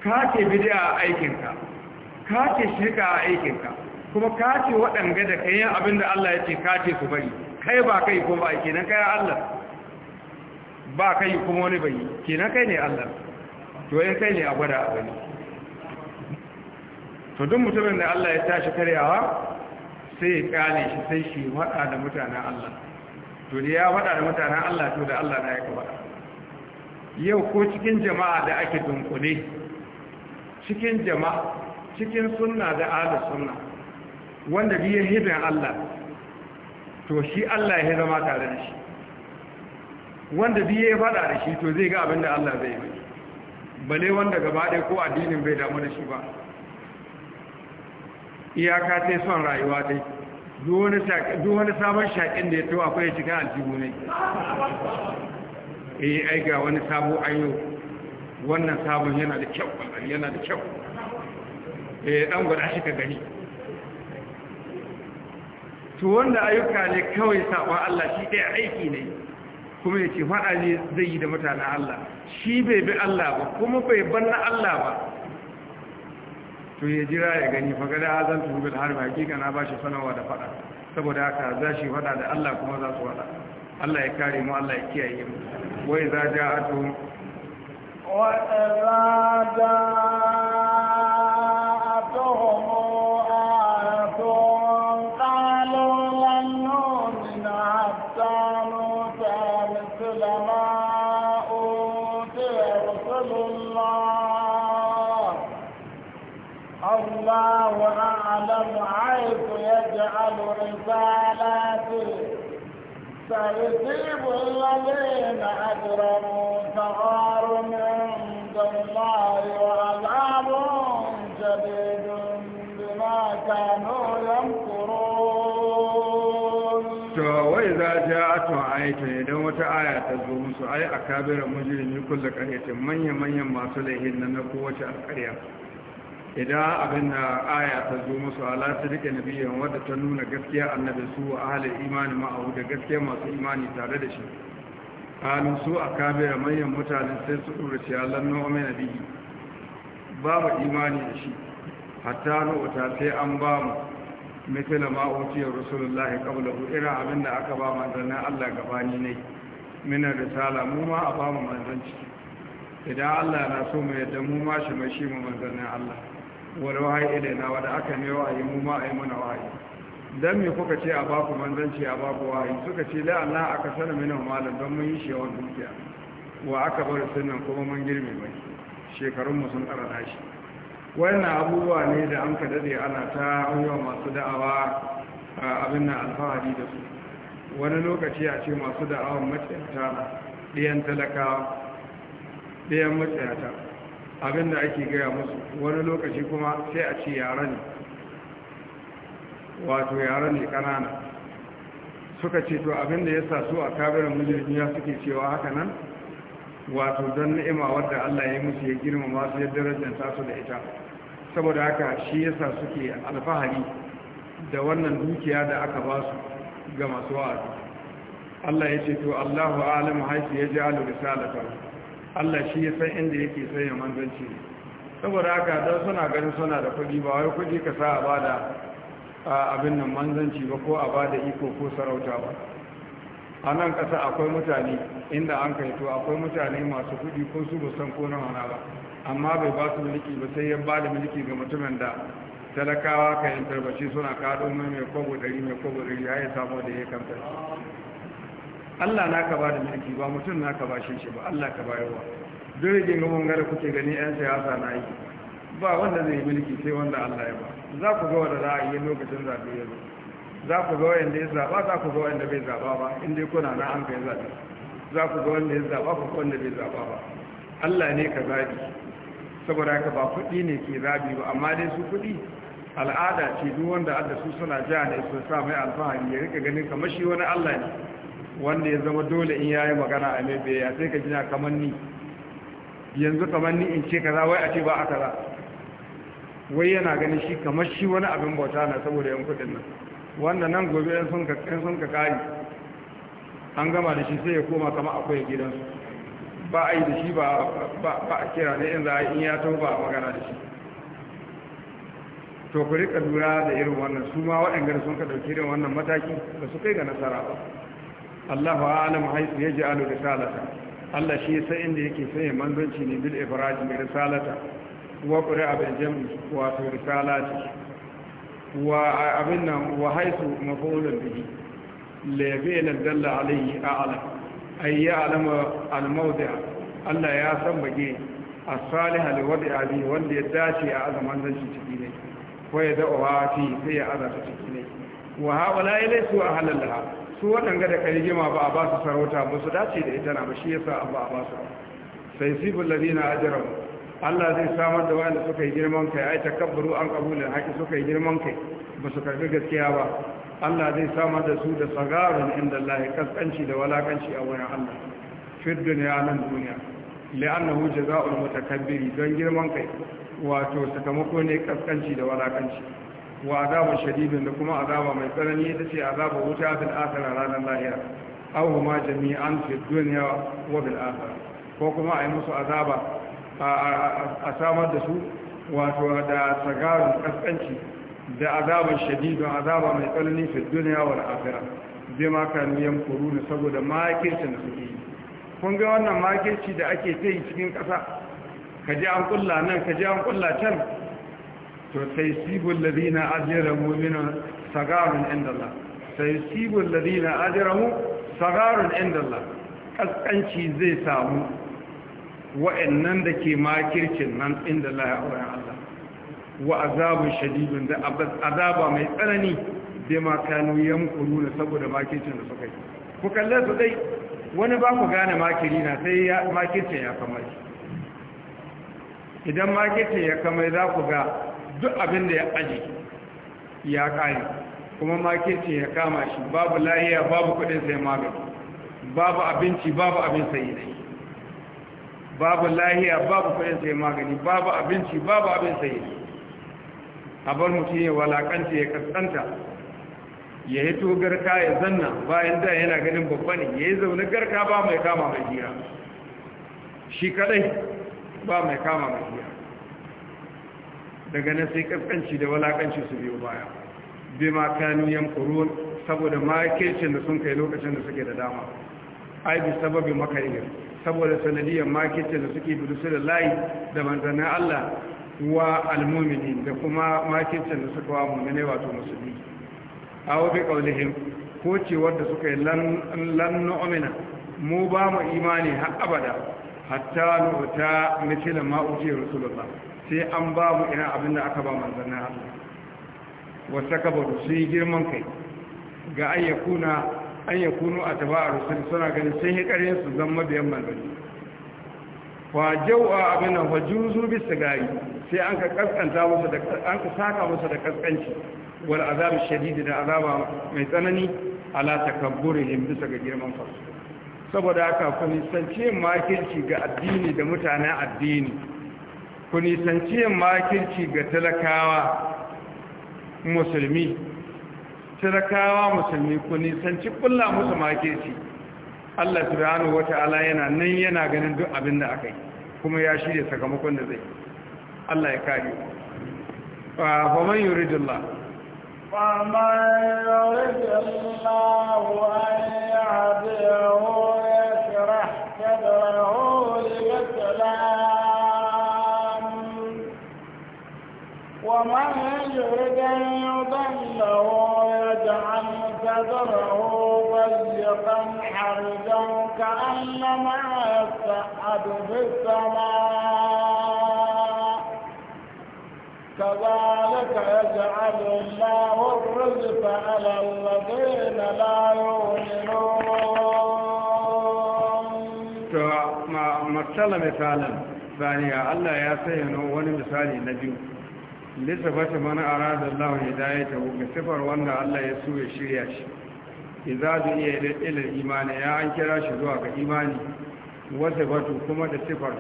ka ce bid'a a aikinka ka ce shirka a aikinka kuma kace waɗanga da kayan abin da Allah ya ce ka su bari kai ba kai kuma ba kenan kai Allah ba kai kuma wani bai kenan kai ne Allah to yayin kai ne a gwada a gani to duk mutumin da Allah ya tashi karyawa sai ya kale shi sai shi wada da mutanen Allah to da ya wada da mutanen Allah to da Allah na ya ka yau ko cikin jama'a da ake dunkule cikin jama'a cikin sunna da ahlus sunna wanda biyan hidin Allah to shi Allah ya zama tare da shi wanda bi ya fada da shi to zai ga abin da Allah zai yi bale wanda gaba ɗaya ko addinin bai damu da shi ba iyaka sai son rayuwa dai duk wani sabon shaƙin da ya tawa akwai ya cikin aljihu ne eh ai ga wani sabo ayo wannan sabon yana da kyau yana da kyau eh dan gwada shi ka gani to wanda ayyuka ne kawai saba Allah shi ɗaya aiki ne kuma ya ce faɗa ne zai yi da mutane Allah shi bai bi Allah ba kuma bai banna Allah ba to ya jira ya gani fagada azan tuhubil har harba hakika na ba shi da faɗa saboda haka za shi faɗa da Allah kuma za su faɗa Allah ya kare mu Allah ya kiyaye mu wai za ja'atu wa idza الذين أجرموا فغار عند الله وعذاب شديد بما كانوا يمكرون وإذا جاءتهم آية إذا متى آية تزوم سعي أكابر مجرمي كل قرية من يمن يما سليهن نقوة القرية idan abin da aya ta zo musu ala ta rike nabiyan wadda ta nuna gaskiya annabi su a halin imani ma'ahu da gaskiya masu imani tare da shi kalu su a kabira manyan mutane sai su ɗurace allon na'omi na biyu babu imani da shi hatta nu'uta sai an ba mu mitila ma'uciyar rasulullahi ƙablahu irin abin da aka ba manzannin allah gabani ne minar risala mu ma a ba mu manzanci idan allah na so mu yadda mu ma shi mai shi mu manzannin allah wani wahayi ilina wadda aka ne yi mu ma a yi mana wahayi dan me kuka ce a baku manzanci a baku wahayi suka ce la Allah aka sanar mina malam don mun yi yawan dukiya wa aka bar sunan kuma mun girme mai shekarun mu sun karana shi wannan abubuwa ne da an ka dade ana ta yawa masu da'awa abin nan alfahari da su wani lokaci a ce masu da'awa matsayata ɗiyan talaka matsayata abin da ake gaya musu wani lokaci kuma sai a ce yara ne wato yare ne kanana suka ce to abin ya sa su a kabirin musulmi ya suke cewa haka nan wato don ni'ima wadda Allah ya musu ya girmama su yadda rajin su da ita saboda haka shi yasa suke alfahari da wannan dukiya da aka ba su ga masu wa'azi Allah ya ce to Allahu a'lam haifi ya ja'alu risalatan Allah shi ya san inda yake sanya manzanci saboda haka don suna ganin suna da kuɗi ba wai kuɗi ka sa a bada abin nan manzanci ba ko a ba da iko ko sarauta ba a nan ƙasa akwai mutane inda an kaito akwai mutane masu kuɗi ko su san ko na wana ba amma bai ba su mulki ba sai ya ba da mulki ga mutumin da talakawa ka yin tarbaci suna kaɗo mai mai kogo ɗari mai kogo ɗari ya yi samu da ya kamta Allah na ka ba da mulki ba mutum na ka ba shi ba Allah ka bayarwa duk rigin gaban gara kuke gani 'yan siyasa na yi ba wanda zai yi mulki sai wanda Allah ya ba za ku ga wanda za a yi lokacin zaɓe ya zo za ku ga wanda ya zaɓa za ku ga wanda bai zaɓa ba inda kuna na an kai zaɓe za ku ga wanda ya zaɓa ku wanda bai zaɓa ba Allah ne ka zaɓi saboda haka ba kuɗi ne ke zaɓi ba amma dai su kuɗi al'ada ce duk wanda adda su suna ja ne su sa mai alfahari ya rika ganin kamar shi wani Allah ne wanda ya zama dole in yayi magana a mai bai sai ka jina kamar ni yanzu kamar ni in ce kaza wai a ce ba a kaza wai yana ganin shi kamar shi wani abin bauta na saboda yan kudin nan wanda nan gobe yan sun ka kari an gama da shi sai ya koma kama akwai gidansu ba a yi da shi ba a kira ne in za a yi ya tau ba a magana da shi to ku rika lura da irin wannan su ma waɗanda sun ka ɗauki irin wannan mataki da su kai ga nasara ba Allahu alam haisu ya ji alu risalata Allah shi ya inda yake sanya manzanci ne bil ifrad bi risalata wa ƙuri abin jami wato risala ce wa abin nan wa haisu mafolin Le, be na dalla alayhi a'ala ai ya alama almawdi'a Allah ya san bage as-salih alwadi'a bi wanda ya dace a azaman ci ciki ne ko ya da'uwa fi sai ya azata ciki ne wa hawala ilaysu ahlalaha su Su waɗanga da karijima ba a ba su sarauta ba su dace da ita na ba shi yasa ba a ba su sai sibul ladina ajramu Allah zai samar da wanda suka yi girman kai ai takabbaru an kabulin haƙi suka yi girman kai ba su karbi gaskiya ba Allah zai samar da su da sagarun inda Allah kaskanci da walakanci a wurin Allah fi duniya nan duniya li'annahu jazaa'ul mutakabbiri don girman kai wato sakamako ne kaskanci da walakanci wa azabun shadidin da kuma azaba mai tsanani ita ce azaba wuta fil akhirah ranar lahira aw huma jami'an fi dunya wa bil akhirah ko kuma yi musu azaba a samar da su wato da tsagarin ƙasƙanci da azabar shadidu azabar mai tsanani fi duniya wal akhirah bai ma kan yan kuruna saboda makircin da suke yi kun ga wannan makirci da ake ta yi cikin ƙasa ka ji an ƙulla nan ka ji an ƙulla can to sai sibul ladina ajramu min sagarun indallah sai sibul ladina ajramu sagarun indallah Ƙasƙanci zai samu wa'annan da ke makircin nan inda Allah ya wurin Allah wa azabun shadidun da azaba mai tsanani da makanu yankulu na saboda makircin da suka yi ku kalle su dai wani ba ku gane makiri na sai makircin ya kamar idan makircin ya kamar za ku ga duk abin da ya aji ya kayi kuma makircin ya kama shi babu lahiya babu kudin sai magani babu abinci babu abin sai dai babu lahiya babu kudin sai magani babu abinci babu abin sai a bar mutum ya walakanta ya kaskanta ya yi garka ya zanna bayan da yana ganin babba ne ya yi zaune garka ba mai kama mai jiya, shi kadai ba mai kama mai jiya. daga nasai sai kaskanci da walakanci su biyu baya ma kanu kurun saboda makircin da sun kai lokacin da suke da dama ai bi sababi makarin saboda sanadiyar makice da suke bidusu da layi da manzannin Allah wa almumini da kuma makice da suka wa mummune wato musulmi a wafi ƙaunihin ko cewar da suka yi lannu omina mu ba mu imani har abada hatta nuta mitilin ma'uce rasulullah sai an ba mu ina abin da aka ba manzannin Allah wasu ka ba su yi girman kai ga ayyakuna an ya kunu a taba a rusul suna ganin sun yi karin su zan mabiyan malbari wa a abin nan zubi sigari sai an ka kaskanta musu da an ka saka musu da kaskanci wal azab shadid da azaba mai tsanani ala takabburihim bisa ga girman fasu saboda haka ku nisance makirci ga addini da mutanen addini ku nisance makirci ga talakawa musulmi shirakawa musulmi ku nisanci kulla musu shi Allah subhanahu wata'ala yana nan yana ganin duk abin da aka yi kuma ya shirya sakamakon da zai Allah ya kare fa man yuridullah fa man yuridullah wa ya'dihu yashrah sadrahu lil-islam wa man yurid يجعل الله الرزق على الذين لا يؤمنون مثل مثالا ثانيا الله يا سيدنا وني مثالي نبي لصفة من أراد الله هدايته بصفر وأن الله يسوع شريع إذا دعي إلى الإيمان يا أنكر شدوك إيماني وصفته كما تصفر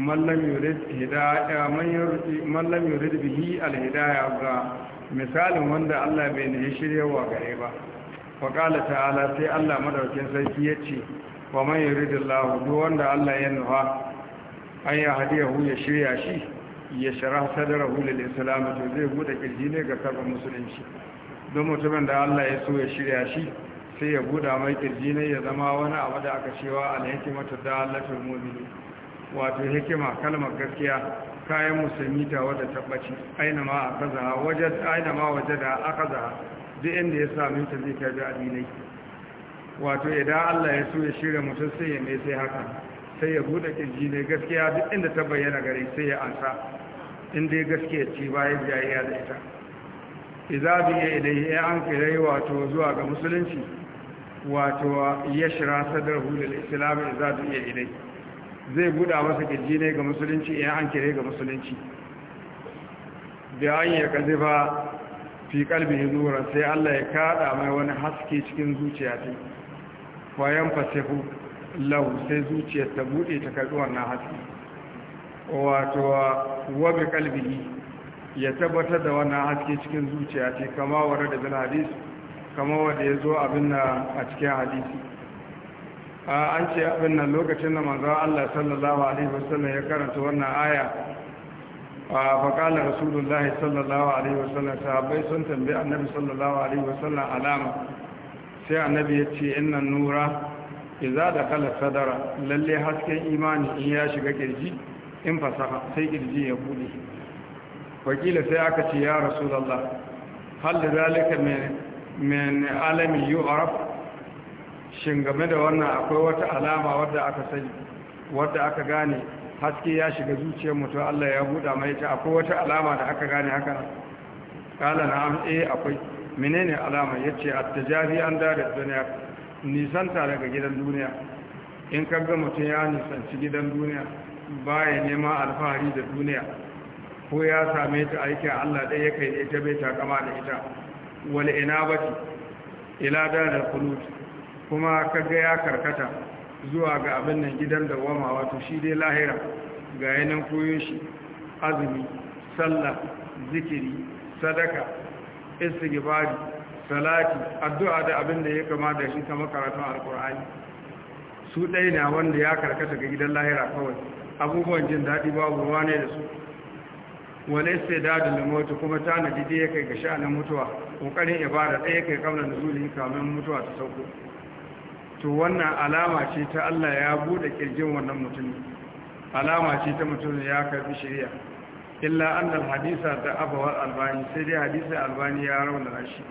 Mallam lam yurid hidaya man lam alhidaya ga misalin wanda Allah bai ne wa gare ba fa qala ta'ala sai Allah madaukin sarki yace wa man yuridillahu duk wanda Allah ya nufa an ya hadiyahu ya shirya shi ya sharah sadrahu lil islam to zai bude kirji ne ga karɓar musulunci don mutumin da Allah ya so ya shirya shi sai ya buɗa mai kirji ne ya zama wani abu da aka cewa alhikimatu da latul mu'minin wato hikima kalmar gaskiya kayan musulmi ta wadda tabbaci aina ma aka zaha wajen aina ma waje da aka zaha duk inda ya sami ta zai tabi adinai wato idan allah ya so ya shirya mutum sai ya mai sai haka sai ya buɗe ƙirji ne gaskiya duk inda ta bayyana gare sai ya ansa inda ya gaskiya ce bayan jayayya da ita iza bi ya idan ya an kirai wato zuwa ga musulunci wato ya shira sadar hulul islam iza bi ya idan zai buda masa kirji ne ga musulunci idan an kire ga musulunci da an yi kazi ba fi kalbi zuwa sai Allah ya kada mai wani haske cikin zuciya ta kwayan fasihu lau sai zuciyar ta bude ta karɓi wannan haske wato wa wabi kalbi ya tabbatar da wannan haske cikin zuciya ta kama wadda da hadisi kama wadda ya zo abin a cikin hadisi an ce abin nan lokacin da manzon Allah sallallahu alaihi wasallam ya karanta wannan aya faƙalar rasulullahi sallallahu alaihi wasallam sahabbai sun tambayi annabi sallallahu alaihi wasallam alama sai annabi ya ce innan nura iza da kala sadara lalle hasken imani in ya shiga kirji in fasaha sai kirji ya bude wakila sai aka ce ya rasulallah hal da zalika min alami yu'raf shin game da wannan akwai wata alama wadda aka sani wadda aka gane haske ya shiga zuciyar mutu Allah ya buɗa mai ta akwai wata alama da aka gane haka kala na'am eh akwai menene alama ya yace ta tajari an da duniya nisanta daga gidan duniya in ga mutum ya nisanci gidan duniya baya neman alfahari da duniya ko ya same ta aikin Allah ɗaya ya kai ita bai takama da ita wal ki? ila da da kulut kuma kaga ya karkata zuwa ga abin nan gidan da dawama wato shi dai lahira ga yanin koyon shi azumi sallah zikiri sadaka istighfari salati addu'a da abin da ya kama da shi kama karatun alkur'ani su dai na wanda ya karkata ga gidan lahira kawai abubuwan jin daɗi babu ruwa ne da su wale sai dadin da mutu kuma tanadi da ya kai ga sha'anin mutuwa ƙoƙarin ibada ɗaya kai kamar da kamar kamin mutuwa ta sauko to wannan alama ce ta Allah ya bude kirjin wannan mutumin alama ce ta mutumin ya karbi shari'a illa annal hadisa da abawar albani sai dai hadisa albani ya rauna shi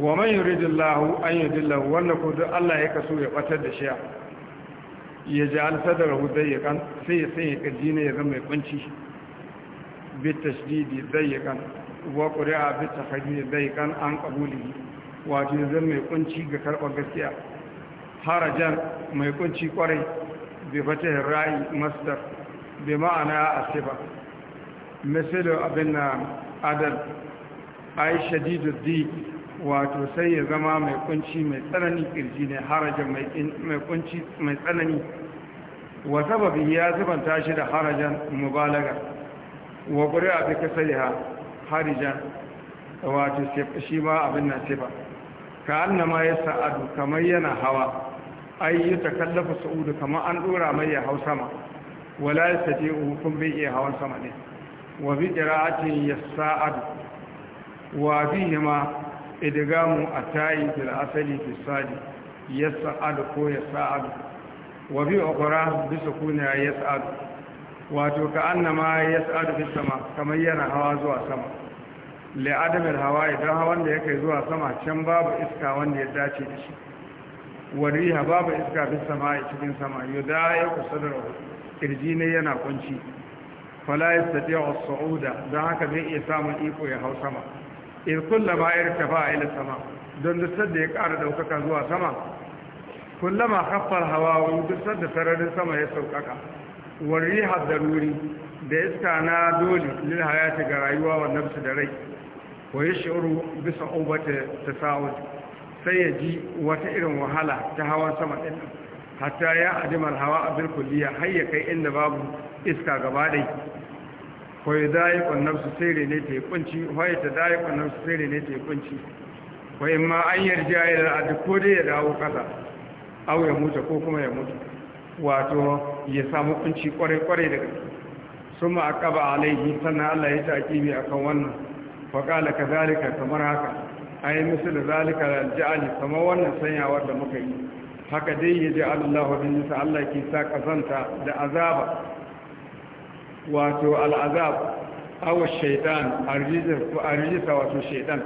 wa man yuridillahu an yudillahu Wannan ko duk Allah ya kaso ya batar da shi ya ji an sadarahu kan, sai ya sanya kirji ne ya zama mai kunci bi tashdidi dayyakan wa qira'a bi tahdidi dayyakan an qabulihi wato zan mai kunci ga karɓar gaskiya harajan mai kunci kwarai bai fata ra'ayi masdar bai ma'ana a ba misalin abin na adal ai shadidu di wato sai ya zama mai kunci mai tsanani kirji ne harajan mai kunci mai tsanani wa sababi ya zubanta shi da harajan mubalaga wa ƙuri'a kasar ya harijan wato shi ma abin na ba? ka annama ya sa'adu kamar yana hawa ai ya takallafa sa'udu kamar an dora mai ya hau sama wala ya saje hukun bai iya hawan sama ne wa bi qira'atin ya sa'adu wa bihima idgamu atayi fil asali fi sadi ya sa'adu ko ya sa'adu wa bi ukhra bi sukuni ya sa'adu wato ka annama ya sa'adu fi sama kamar yana hawa zuwa sama la'adamin hawa don hawan da ya kai zuwa sama can babu iska wanda ya dace da shi ha babu iska bin sama a cikin sama yadda ya kusa da kirji ne yana kunci fala ya sadiya a sa'uda don haka zai iya samun iko ya hau sama in kullama ya ba a ila sama don dusar da ya ƙara ɗaukaka zuwa sama kullama haffar hawa wani dusar da sararin sama ya sauƙaƙa wariha da ruri da iska na dole lil hayati ga rayuwa wannan su da rai wa ya shi'uru bisa obata ta sa'ud sai ya ji wata irin wahala ta hawan sama ɗin hatta ya ajimar hawa a birkuliya har ya kai inda babu iska gaba ɗai ko ya dayi ƙwannarsu sai ne ta yi kunci ko ya ta dayi ƙwannarsu sai ne ta yi kunci ko in ma an yarda ya da ko dai ya dawo ƙasa au ya mutu ko kuma ya mutu wato ya samu kunci kwarai-kwarai daga sun ma a ƙaba alaihi sannan allah ya ta aƙibi akan wannan faƙala ka zalika kamar haka a yi misali zalika da ja'ali kamar wannan sanyawar da muka yi haka dai ya ji Allah wa bin nisa Allah ke sa ƙazanta da azaba wato al'azab awa shaitan arjisa wato shaitan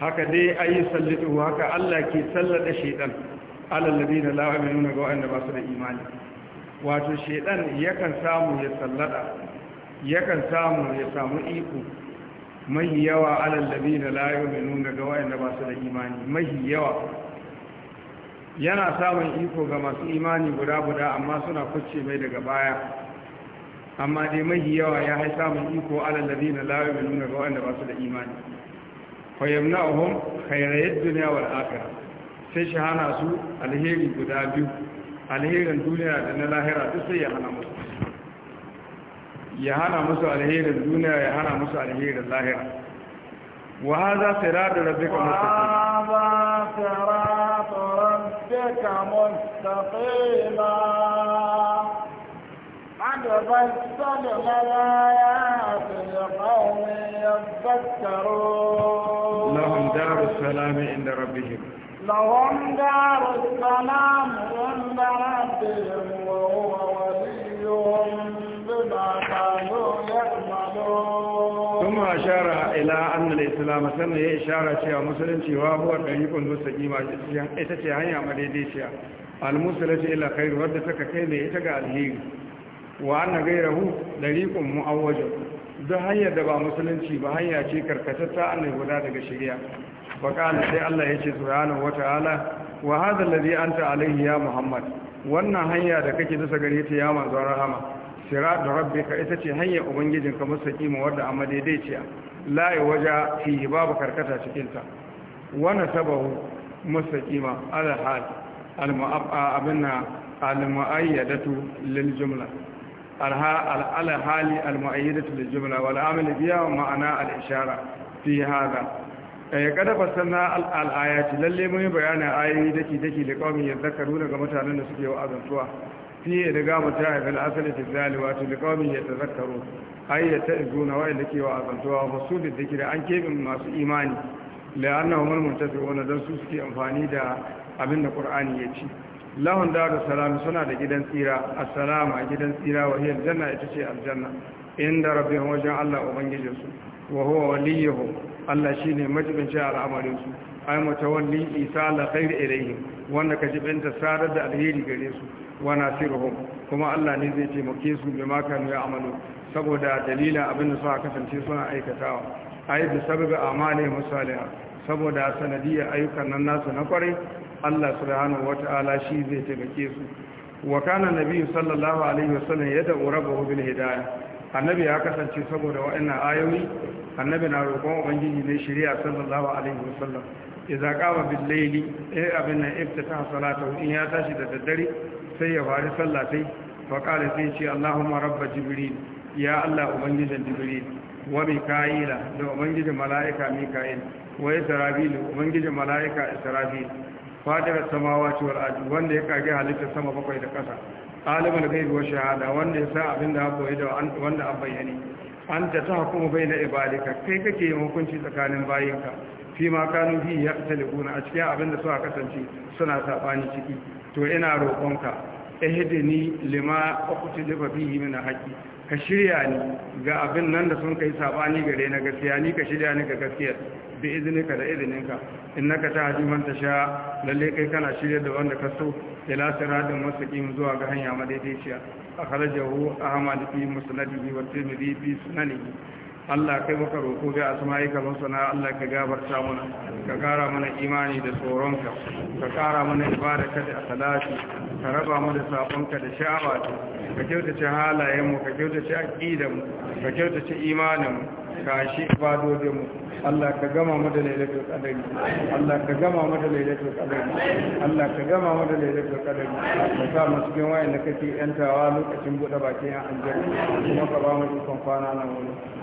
haka dai a yi sallituhu haka Allah ke sallada shaitan alallabi da la'amin nuna ga waɗanda ba su da imani wato shaitan yakan samu ya sallada yakan samu ya samu iko mahi yawa alal ladina la yu'minuna ga wayanda ba su da imani mahi yawa yana samun iko ga masu imani guda guda amma suna kucce mai daga baya amma dai mahi yawa ya hai samun iko alal ladina la yu'minuna ga wayanda ba su da imani fa yamna'uhum khayrayad dunya wal akhirah sai shi hana su alheri guda biyu alherin duniya da na lahira duk sai ya hana musu ya hana musu alherin duniya ya hana musu alherin lahira wa hadha siratu rabbika mustaqima لهم دار السلام عند ربهم لهم دار السلام عند ربهم وهو ma shara ila annal islam sannan ya ishara cewa musulunci wa huwa dariqun mustaqima ita ce hanya madaidaiciya al-musulati ila khair wadda taka kai ne ita ga alheri wa anna ghayrahu dariqun mu'awwaj da hanyar da ba musulunci ba hanya ce karkatatta annai guda daga shari'a fa kana sai Allah ya ce subhanahu wata'ala wa hadha alladhi anta alayhi ya muhammad wannan hanya da kake bisa gare ta ya manzon rahama sira da rabbika ita ce hanyar ubangijinka mustaqima wadda amma daidaiciya la waja fihi babu karkata cikinta, Wani wa nasabahu mustaqima ala hal eh, al mu'abba abinna al mu'ayyadatu lil jumla على حال المؤيدة للجملة والعمل بها معنى الإشارة في هذا قد فسرنا الآيات للي من بيان آيه دكي دكي لقوم يذكرون كما تعلن سكي وأذن ya riga mutaya fil asali fi zali wato da kawai ya tazakkaru ai ya ta izuna wa'anda ke wa azantuwa masu da dikira an keɓe masu imani la'annahu mal muntafi'una dan su suke amfani da abin da qur'ani ya ci lahun da salam suna da gidan tsira assalama gidan tsira wa hiya janna ita ce aljanna inda rabbihum wajen Allah ubangijin su wa huwa waliyuhu Allah shine majibinci al'amarin su ay wani isa la khair ilayhi wanda ka jibinta sadar da alheri gare su wa nasiruhum kuma Allah ne zai taimake su bi makanu ya amalu saboda dalilin abin da suka kasance suna aikatawa ayi bi sababi amali musaliha saboda sanadiyar ayyukan nan nasu na kwarai Allah subhanahu wata'ala shi zai taimake su wa kana nabiyyu sallallahu alaihi wasallam yad'u rabbahu bil hidayah annabi ya kasance saboda wa'annan ayoyi annabi na roƙon ubangiji ne shari'a sallallahu alaihi wasallam idza qama bil layli eh abin nan iftataha in ya tashi da daddare sai ya fari sallatai faƙali sai ce Allahumma rabba jibril ya Allah ubangijin jibril wa mika'ila da ubangijin mala'ika mika'il wa israfil ubangijin mala'ika israfil fadirar samawa ciwar aji wanda ya kage halittar sama bakwai da ƙasa alimul ghaibi wa shahada wanda ya sa abin da haƙo da wanda an bayyane an ta bai na Ibalika. kai kake yin hukunci tsakanin bayinka fi ma kanu fi ta a cikin abin da suka kasance suna saɓani ciki to ina roƙonka ihdini lima uqtilifa fihi min haqqi ka shirya ni ga abin nan da sun kai sabani gare na gaskiya ni ka shirya ni ga gaskiya bi izinika da izininka innaka tahdi man tasha lalle kai kana shirya da wanda ka so ila siratin mustaqim zuwa ga hanya madaidaiciya akhrajahu ahmad fi musnadihi wa tirmidhi fi sunanihi Allah kai maka roƙo asma'i asma'ika husna Allah ka gabarta mana ka kara mana imani da tsoronka ka kara mana ibadarka da akhlaqi ka raba mu da safonka da sha'awa ka kyautace halayen mu ka kyautace aqidan mu ka kyautace imanin mu ka shi ibadodin mu Allah ka gama mu da lailatul qadari Allah ka gama mu da lailatul qadari Allah ka gama mu da lailatul qadari ka sa mu cikin wayan da kake yantawa lokacin bude baki an aljanna kuma ka ba mu ikon kwana nan wani